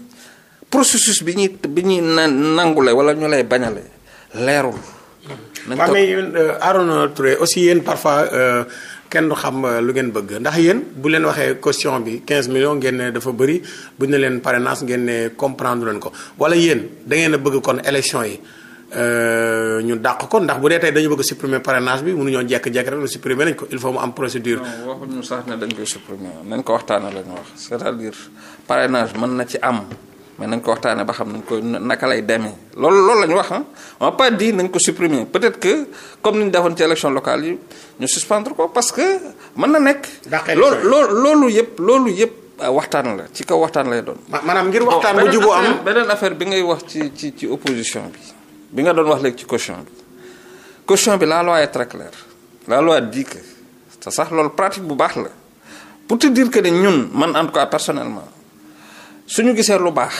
processus bi ñuy bi ñuy nangule wala ñu lay bañale leerul. Euh, Arona Touré aussi yéen parfois. Euh, kenn du xam euh, lu ngeen bëgg ndax yéen bu leen waxee caution bi 15 millions ngeen ne dafa bëri bu ñu leen parrainage ngeen ne comprendre leen ko wala yéen da ngeen a bëgg kon élection yi euh, ñu dàq ko ndax bu dee tey dañu bëgg supprimer parrainage bi mënuñoo jekk-jekk rek supprimer nañ ko il faut mu am procédure. non waxuñu sax ne dañ koy supprimer nañ ko waxtaanee la ñu wax c'est-à-dire parrainage mën na ci am. mais nañ ko waxtaane ba xam nañ ko naka lay demee loolu loolu la wax ah a pas dit nañ ko supprimer peut-être que comme ni ñu defoon ci élection locale yi ñu suspendre ko parce que mën na nekk. loolu loolu loolu yëpp loolu yëpp euh, waxtaan la ci kaw waxtaan lay doon. maanaam ngir waxtaan bu juboo am beneen affaire bi ngay wax ci ci ci opposition bi bi nga doon wax léegi ci caution bi caution bi la loi est très claire la loi dit que te sax loolu pratique bu baax la pour te dire que ne ñun man en tout cas personnellement. suñu gisee lu baax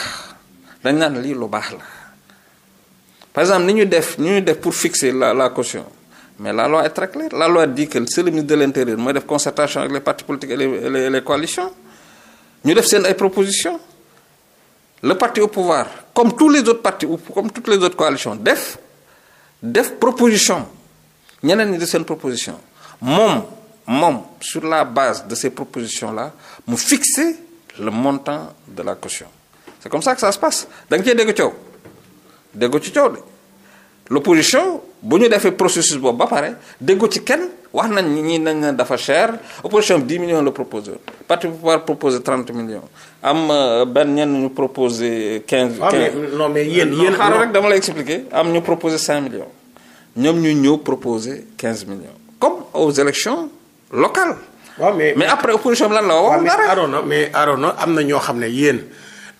dañ naan lii lu baax la par exemple ni ñu def ni ñu def pour fixer la la caution mais la loi est très claire la loi dit que c'est le ministre de l'intérieur mooy def concertation avec les partis politiques et les les, les coalitions ñu def seen ay propositions le parti au pouvoir comme tous les autres partis ou comme toutes les autres coalitions def def proposition ñeneen ñi de seen proposition moom moom sur la base de ces proposition la mu fixer. le montant de la caution c'est comme ça que ça se passe da nga dégg coow déggu ci coow de l'opposition bu ñu defee processus boobu ba pare déggu ci kenn wax nañ ñi nañ ne dafa cher opposition bi 10 millions la proposé parti pouvoir proposé 30 millions am euh, benn ñenn ñu proposé 15. Ah, mais yéen yéen xaaral rek dama lay expliquer am ñu proposé 5 millions ñoom ñu ñëw proposé 15 millions comme aux élections locales. waaw mais mais après opposition bi lan la wax. dara mais Arona mais Arona am na ñoo xam ne yéen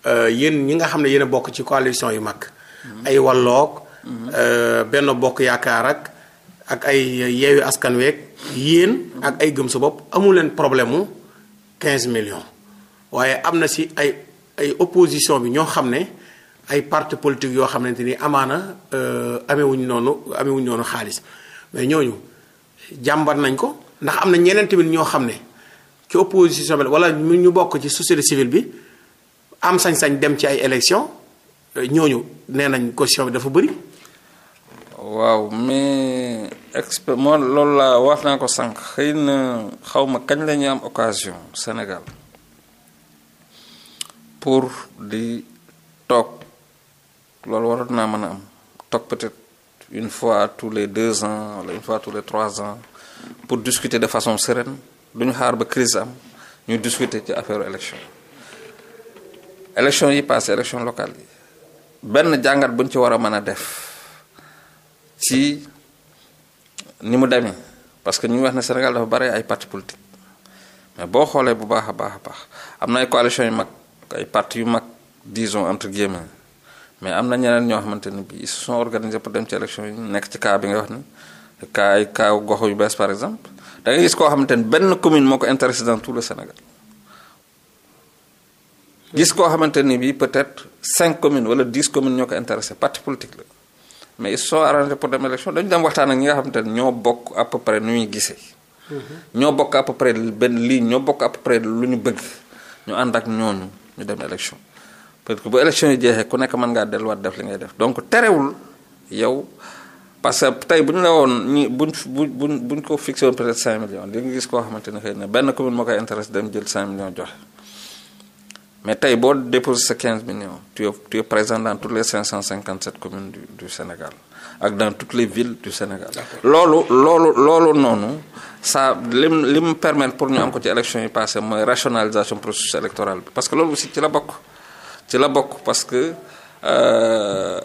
euh, yéen ñi nga xam ne yéen a bokk ci coalition yu mag. Mhm. ay wallook mhm. euh, benn bokk yaakaar ak ak ay yeewi askan week yéen mhm. ak ay gëm sa bopp amu leen problème mu quinze millions waaye am na si ay ay opposition bi ñoo xam ne ay parti politique yoo xamante ni amaana euh, amewuñ noonu amewuñ noonu xaalis mais ñooñu jàmbat nañ ko. ndax am na ñeneen tamit ñoo xam ne ci opposition bi wala ñu bokk ci société civile bi am sañ-sañ dem ci ay élection euh, ñooñu nee nañ caution dafa bëri. waaw mais expert moo loolu laa wax naa ko sànq xëy na xaw ma kañ la am occasion Sénégal pour di toog loolu waroon naa mën a am toog peut-être une fois tous les deux ans wala une fois tous les trois ans. pour discuter de façon sereine duñu xaar ba crise am ñu discuter ci affaire élection élection yi passé élection locale yi benn jàngat buñ ci war a mën a def ci ni mu demee parce que ñu ngi wax ne Sénégal dafa bare ay parti politique mais boo xoolee bu baax a baax a baax am na ay coalition yu mag ay parti yu mag disons entre guillemets mais am na ñeneen ñoo xamante ne bi ils se sont organisés pour dem ci élection yi nekk ci cas bi nga wax ni kaa ay kaa gox yu bees par exemple da gis koo xamante ne benn commune moo ko intéressé dans tout le Sénégal gis koo xamante ni bii peut-être cinq commune wala dix commune ñoo ko intéressé parti politique la mais ils sont pour dem élection dañu dem waxtaan ak ñi nga xamante ne ñoo bokk à peu près nu ñuy gisee. Mm-hmm. ñoo bokk à peu près benn lii ñoo bokk à près lu ñu bëgg ñu ànd ak ñooñu ñu dem élection peut-être que bu élection yi jeexee ku nekk mën ngaa delluwaat def li ngay def donc terewul yow. parce que tey bu ñu la woon ñi buñ buñ buñ ko fixé woon peut millions di nga gis koo xamante ne xëy na benn commune moo koy intéressé dem jël 5 millions joxe mais tey boo déposé sa 15 millions tu es tu es présent dans toutes les 557 communes du du Sénégal ak dans toutes les villes du Sénégal. loolu loolu loolu noonu ça lim li mu permettre pour ñu am ko ci élection yi passé mooy rationalisation processus électoral bi parce que loolu aussi ci la bok ci la bokk parce que. Euh,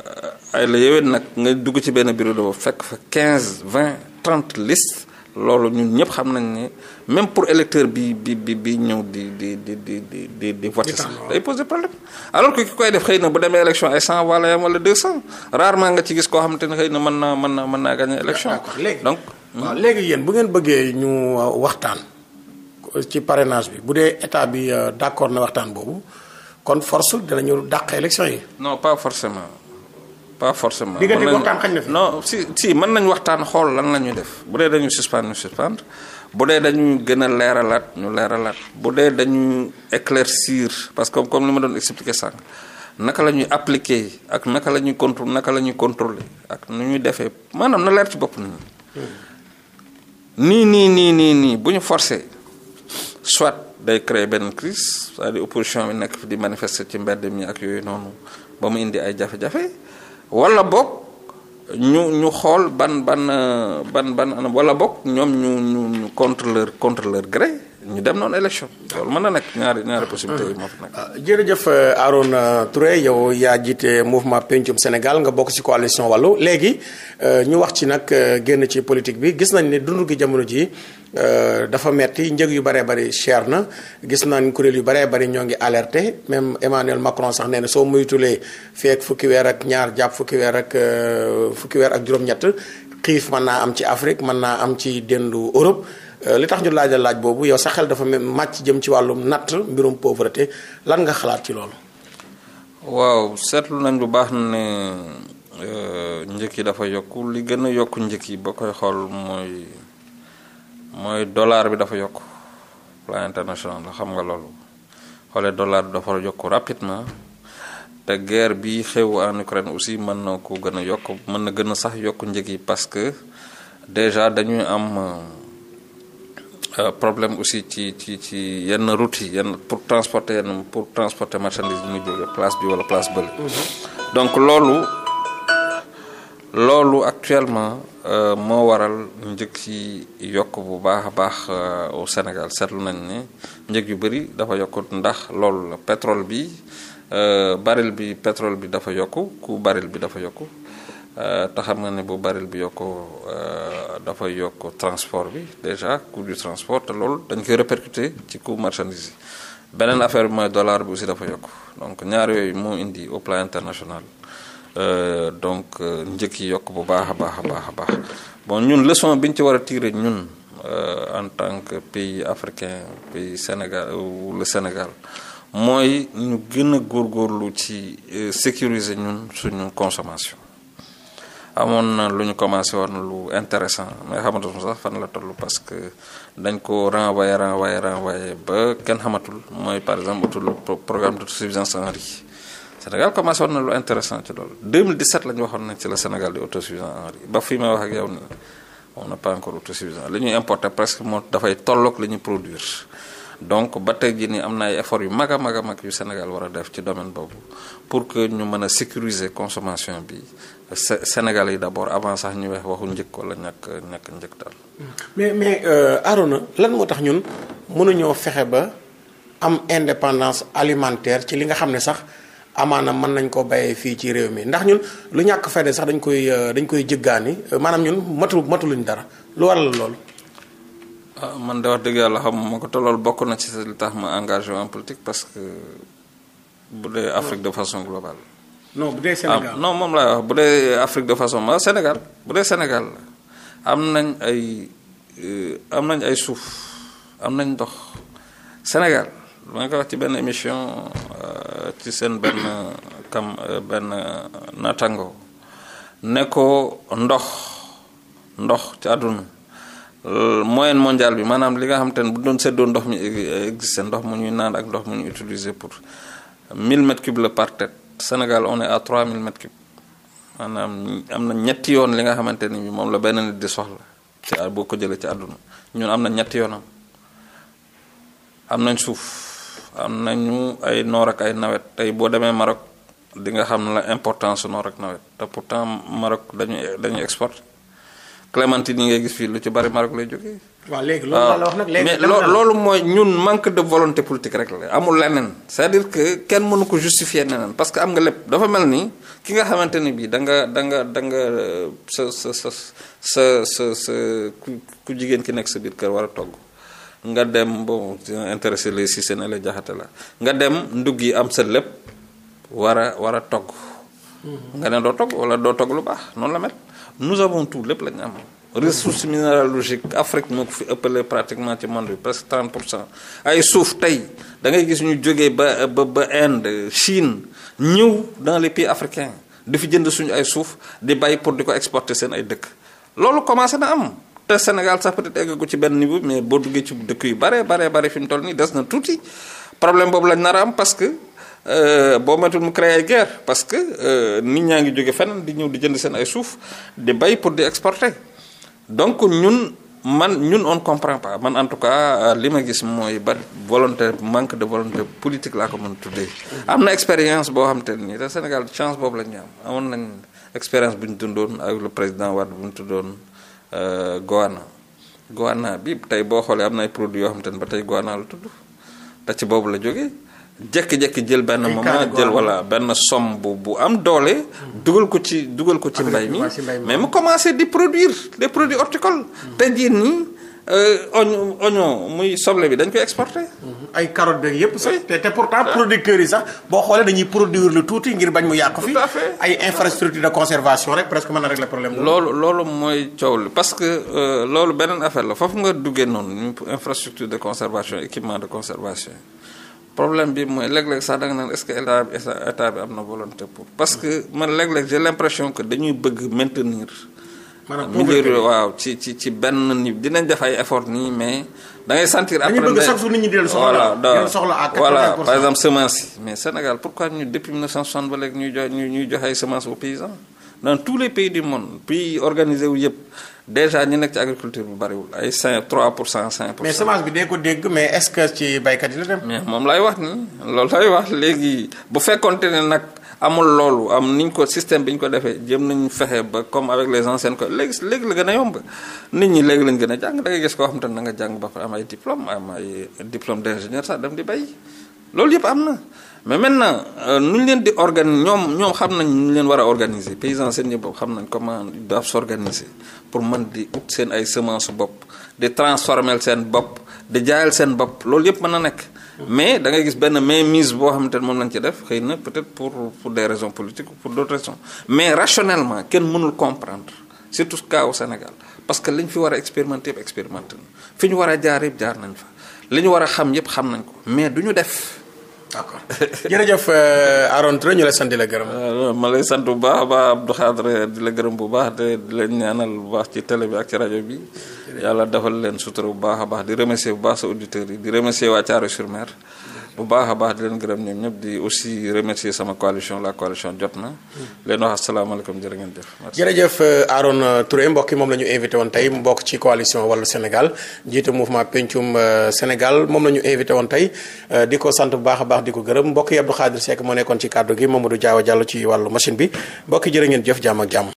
ay la yowén nag nga dugg ci benn bureau de vote fekk fa quinze vingt 30 list loolu ñun ñëpp xam nañ ne même pour électeur bi bi bi bi ñëw di di di di di di di voter sax day poser problème alors que ki koy def xëy na bu demee élection ay 100 wala yam wala 200 rarement nga ci gis koo xamante ne xëy na mën naa mën naa mën naa gagner élection ah, donc waaw hmm? léegi yéen bu ngeen bëggee ñu euh, waxtaan ci parrainage bi bu dee état bi euh, d'accord na waxtaan boobu kon force danañu dàq élection yi. no pas forcément. pas forcément mën nañu waxtaan xañ na si si mën nañu waxtaan xool lan la ñuy def bu dee dañu suspendre ñu suspendre bu dee dañu gën a leeralaat ñu leeralaat bu dee dañu éclaircir parce que comme li ma doon expliquer sànq naka la ñuy appliquer ak naka la ñuy contrôler naka la ñuy contrôler ak nu ñuy defee maanaam na leer ci bopp nit hmm. nii nii nii nii bu ñu forcer soit. day créer benn crise cest à opposition bi nekk fi di manifester ci mbedd mi ak yooyu noonu ba mu indi ay jafe-jafe wala boog ñu ñu xool ban ban euh, ban ban wala boog ñoom ñu ñu ñu contre leur gré ñu dem noonu élection loolu mën na nekk ñaari ñaari possibilité ah, jërëjëf euh, Arona euh, Touré yow yaa jiite mouvement pencum Sénégal nga bokk ci coalition wàllu léegi euh, ñu wax ci nag génn ci politique bi gis nañ ne dund gi jamono ji dafa metti njëg yu bëree bëri cher na gis nañ kuréel yu bëree bëri ñoo ngi alerté même Emmanuel Macron sax nee na soo muytulee feek fukki weer ak ñaar jàpp fukki weer ak fukki weer ak juróom-ñett xiif mën naa am ci Afrique mën naa am ci déndu Europe. Euh, li tax ñu laajal laaj boobu yow sa xel dafa màcc jëm ci wàllum natt mbirum pauvreté lan nga xalaat ci loolu. waaw seetlu nañ bu baax ne euh, njëkk yi dafa yokk li gën a yokk njëkk yi ba koy xool mooy mooy dollar bi dafa yokk plan international la xam nga loolu xoolee dollar bi dafa yokk rapidement te guerre bi xew en Ukraine aussi mën na ko gën a yokk mën na gën a sax yokk njëg yi parce que déjà dañuy am. Euh, problème aussi ci ci ci yenn route yi yenn pour transporter yenn pour transporter marchandise bi mu jóge place bi wala place bële. Mhm. donc loolu loolu actuellement euh, moo waral njëg yi yokk bu baax a baax euh, au Sénégal seetlu nañ ne njëg yu bëri dafa yokk ndax loolu la pétrole bi baril bi petrole bi dafa yokk ku baril bi dafa yokk. Euh, te xam nga ne bu baril bi yokkoo euh, dafay yokk transport bi déjà coût du transport te loolu dañ koy répercuter ci coût marchandise yi beneen affaire bi mooy dollar bi aussi dafa yokk donc ñaar yooyu moo indi au plan international euh, donc njëkk yi yokk bu baax a baax a baax a bon ñun leçon bi ñu ci war a tirer ñun en tant que pays africain pays Sénégal ou Sénégal mooy ñu gën a góorgóorlu ci sécuriser ñun suñu consommation amoon na lu ñu commencé woon lu intéressant mais xamatuma sax fan la tollu parce que dañ ko renvoyé renvoyé renvoyé ba kenn xamatul mooy par exemple autour du programme d'autosuffisance en riz Sénégal commencé woon na lu intéressant ci loolu 2017 la ñu waxoon nañ ci la Sénégal di autosuffisant en riz ba fii may wax ak yow nii on pas encore autosuffisant li ñuy importer presque moo dafay tolloog lañuy produire donc ba tey jii ni am na ay yu mag a mag a mag yu Sénégal war a def ci domaine boobu pour que ñu mën a sécuriser consommation bi Sénégal yi d' abord avant sax ñu wax waxu njëkk wala ñàkk ñàkk njëkk daal. mais mais euh, Arona lan moo tax ñun mënuñoo fexe ba am indépendance alimentaire ci li nga xam ne sax. amaana mën nañ ko bàyyee fii ci réew mi ndax ñun lu ñàkk fayda sax dañ koy euh, dañ koy jëggaani euh, maanaam ñun matu matuluñ dara lu waral loolu ah man de wax dëgg yàlla xamuma ko tollool loolu bokk na ci li tax ma engagé en politique que bu dee Afrique de façon globale. non ah, moom laay wax bu dee Afrique de façon ma ah, Sénégal bu dee Sénégal am nañ ay euh, am nañ ay suuf am nañ ndox Sénégal ma nga ko wax ci benn émission euh, ci seen benn kam euh, benn natango ne ndox ndox ci àdduna. Euh, moyenne mondial bi maanaam li nga xam te ne bu doon seddoo ndox mi existé ndox mu ñuy naan ak ndox mu ñu utiliser pour 1000 mètres cubes la part tête Sénégal on est à 3000 mètres cubes maanaam am na ñetti yoon li nga xamante ni bi moom la benn di soxla ci boo ko jëlee ci àdduna ñun am na ñetti yoonam am nañ suuf am nañu ay noor ay nawet tey boo demee Maroc di nga xam la importance su noor nawet te pourtant Maroc dañu dañuy exporter clémentine yi ngay gis fii lu ci bari Maroc lay jógee. Ah. la wax nag léegi mais loolu mooy ñun manque de volonté politique rek la amul leneen c'est-à-dire que kenn mënu ko justifier neneen parce que am nga lépp dafa mel nii ki nga xamante ne bii da nga da nga nga euh, sa sa sa sa sa sa ku jigéen ki nekk sa biir kër war a togg nga dem bon intéressé les si seen la jaxate la nga dem ndugg yi am sa lépp war a war a togg mm-hmm. nga ne doo togg wala doo togg lu baax noonu la mel nous avons tout lépp la ñu am. ressource minéralogique Afrique moo ko fi ëppale pratiquement ci monde bi presque 30 pour cent ay suuf tey dangay gis ñu jógee ba ba ba Inde Chine ñëw dans les pays africain di fi jënd suñu ay suuf di bàyyi pour di ko exporter seen ay dëkk. loolu commencé na am te Sénégal sax peut-être eggagu ci benn niveau mais boo duggee ci dëkk yu bare bare bare fi mu toll nii des na tuuti problème boobu lañ nar a am parce que. Euh, boo matul mu créer guerre parce que euh, nit ñaa ngi jóge feneen di ñëw di jënd seen ay suuf di bay pour di exporter donc ñun man ñun on comprend pas man en tout cas li ma gis mooy ba volonté manque de volonté politique laa ko mën tuddee. am na expérience boo xam te nii te Sénégal chance boobu la ñu am amoon nañ expérience bu ñu dundoon ak lu président Wade bu ñu tuddoon euh, Goana Goana bi tey boo xoolee am na ay produits yoo xam te ba tey Goana la tudd te ci boobu la jógee. jékki-jékki jël benn moment jël voilà benn somme bu bu am doole. dugal ko ci dugal ko ci mbay mi mais mu commencé di produire des produits horticoles. Mm-hmm. te jii nii euh, oignon oignon muy soble bi dañ koy exporté. Mm-hmm. ay carottes beeg yëpp sax te te pourtant ah. producteurs yi sax boo xoolee dañuy produire lu tuuti ngir bañ mu yàqu fi. ay infrastructure de conservation rek presque mën na régler problème loolu loolu mooy coow li parce que euh, loolu beneen affaire la foofu nga duggee noonu infrastructure de conservation équipement de conservation. problème bi mooy léeg-léeg sax da nga naan est-ce que état bi am na volonté pour parce que man léeg-léeg j'ai l'impression que dañuy bëgg maintenir milieu waaw ci ci ci benn ni dinañ def ay effort nii mais da ngay sentir après dañuy bëgg chaque jour nit ñi di leen soxla voilà par exemple semence yi mais Sénégal pourquoi ñu depuis 1960 ba léegi ñuy jox ñuy jox ay semence aux paysans dans tous les pays du monde pays organisé wu yëpp déjà ñi nekk ci agriculture bu bariwul ay 5 3 pour cent 5 pour cent. mais semence bi dee ko dégg mais est-ce que ci baykat yi la dem. mais moom lay wax nii loolu lay wax léegi bu fekkonte ne nag. amul loolu am niñ ko système bi ñu ko defee jëm nañu fexe ba comme avec les anciennes ko léegi léegi la gën nit ñi léegi lañ gën a jàng da gis koo xam te na nga jàng ba pare am ay diplôme am ay diplôme d'ingénieur sax dem di bay loolu yëpp am na mais maintenant euh, nu ñu leen di organiser ñoom ñoom xam nañ ñu leen war a organiser paysan seen ñi bopp xam nañ comment ils doivent s'organiser pour mën di ut seen ay semence bopp di transformer seen bopp di jaayal seen bopp loolu yëpp mën na nekk. mais dangay gis benn mais mainmise boo xamante ne moom lañ ci def xëy na peut pour pour des raisons politiques pour d'autres raisons mais rationnellement kenn mënul comprendre surtout kaaw au Sénégal parce que liñ fi war a expérimenter yëpp expérimenter fi ñu war a jaar jaar nañ fa li ñu war a xam yëpp xam nañ ko mais du ñu def. d' accord jërëjëf euh, Arona Touré ñu lay sant di la gërëm. Euh, ma lay sant bu baax a baax Abdou Khadre di la gërëm bu baax te di la ñaanal bu baax ci télé bi ak ci rajo bi. yàlla defal leen sutura bu baax a baax di remercier bu baax sa auditeur yi di remercier waa Thiaroye sur bu baax a baax di leen gërëm ñoom ñëpp di aussi remercier sama coalition la coalition jot na leen wax asalaamaaleykum jërë ngeen jëf jërëjëf euh, Arona euh, Touré mbokk moom la ñu invité woon tey mu bokk ci coalition wàllu Sénégal njiitu mouvement pencum euh, Sénégal moom la ñu invité woon tey di ko sant bu baax a baax ko gërëm mbokk yi Abdou Khadir Seck moo ci kàddu gi Mamadou Diawa Diallo ci wàllu machine bi mbokk yi jërë ngeen jëf jàmm ak jàmm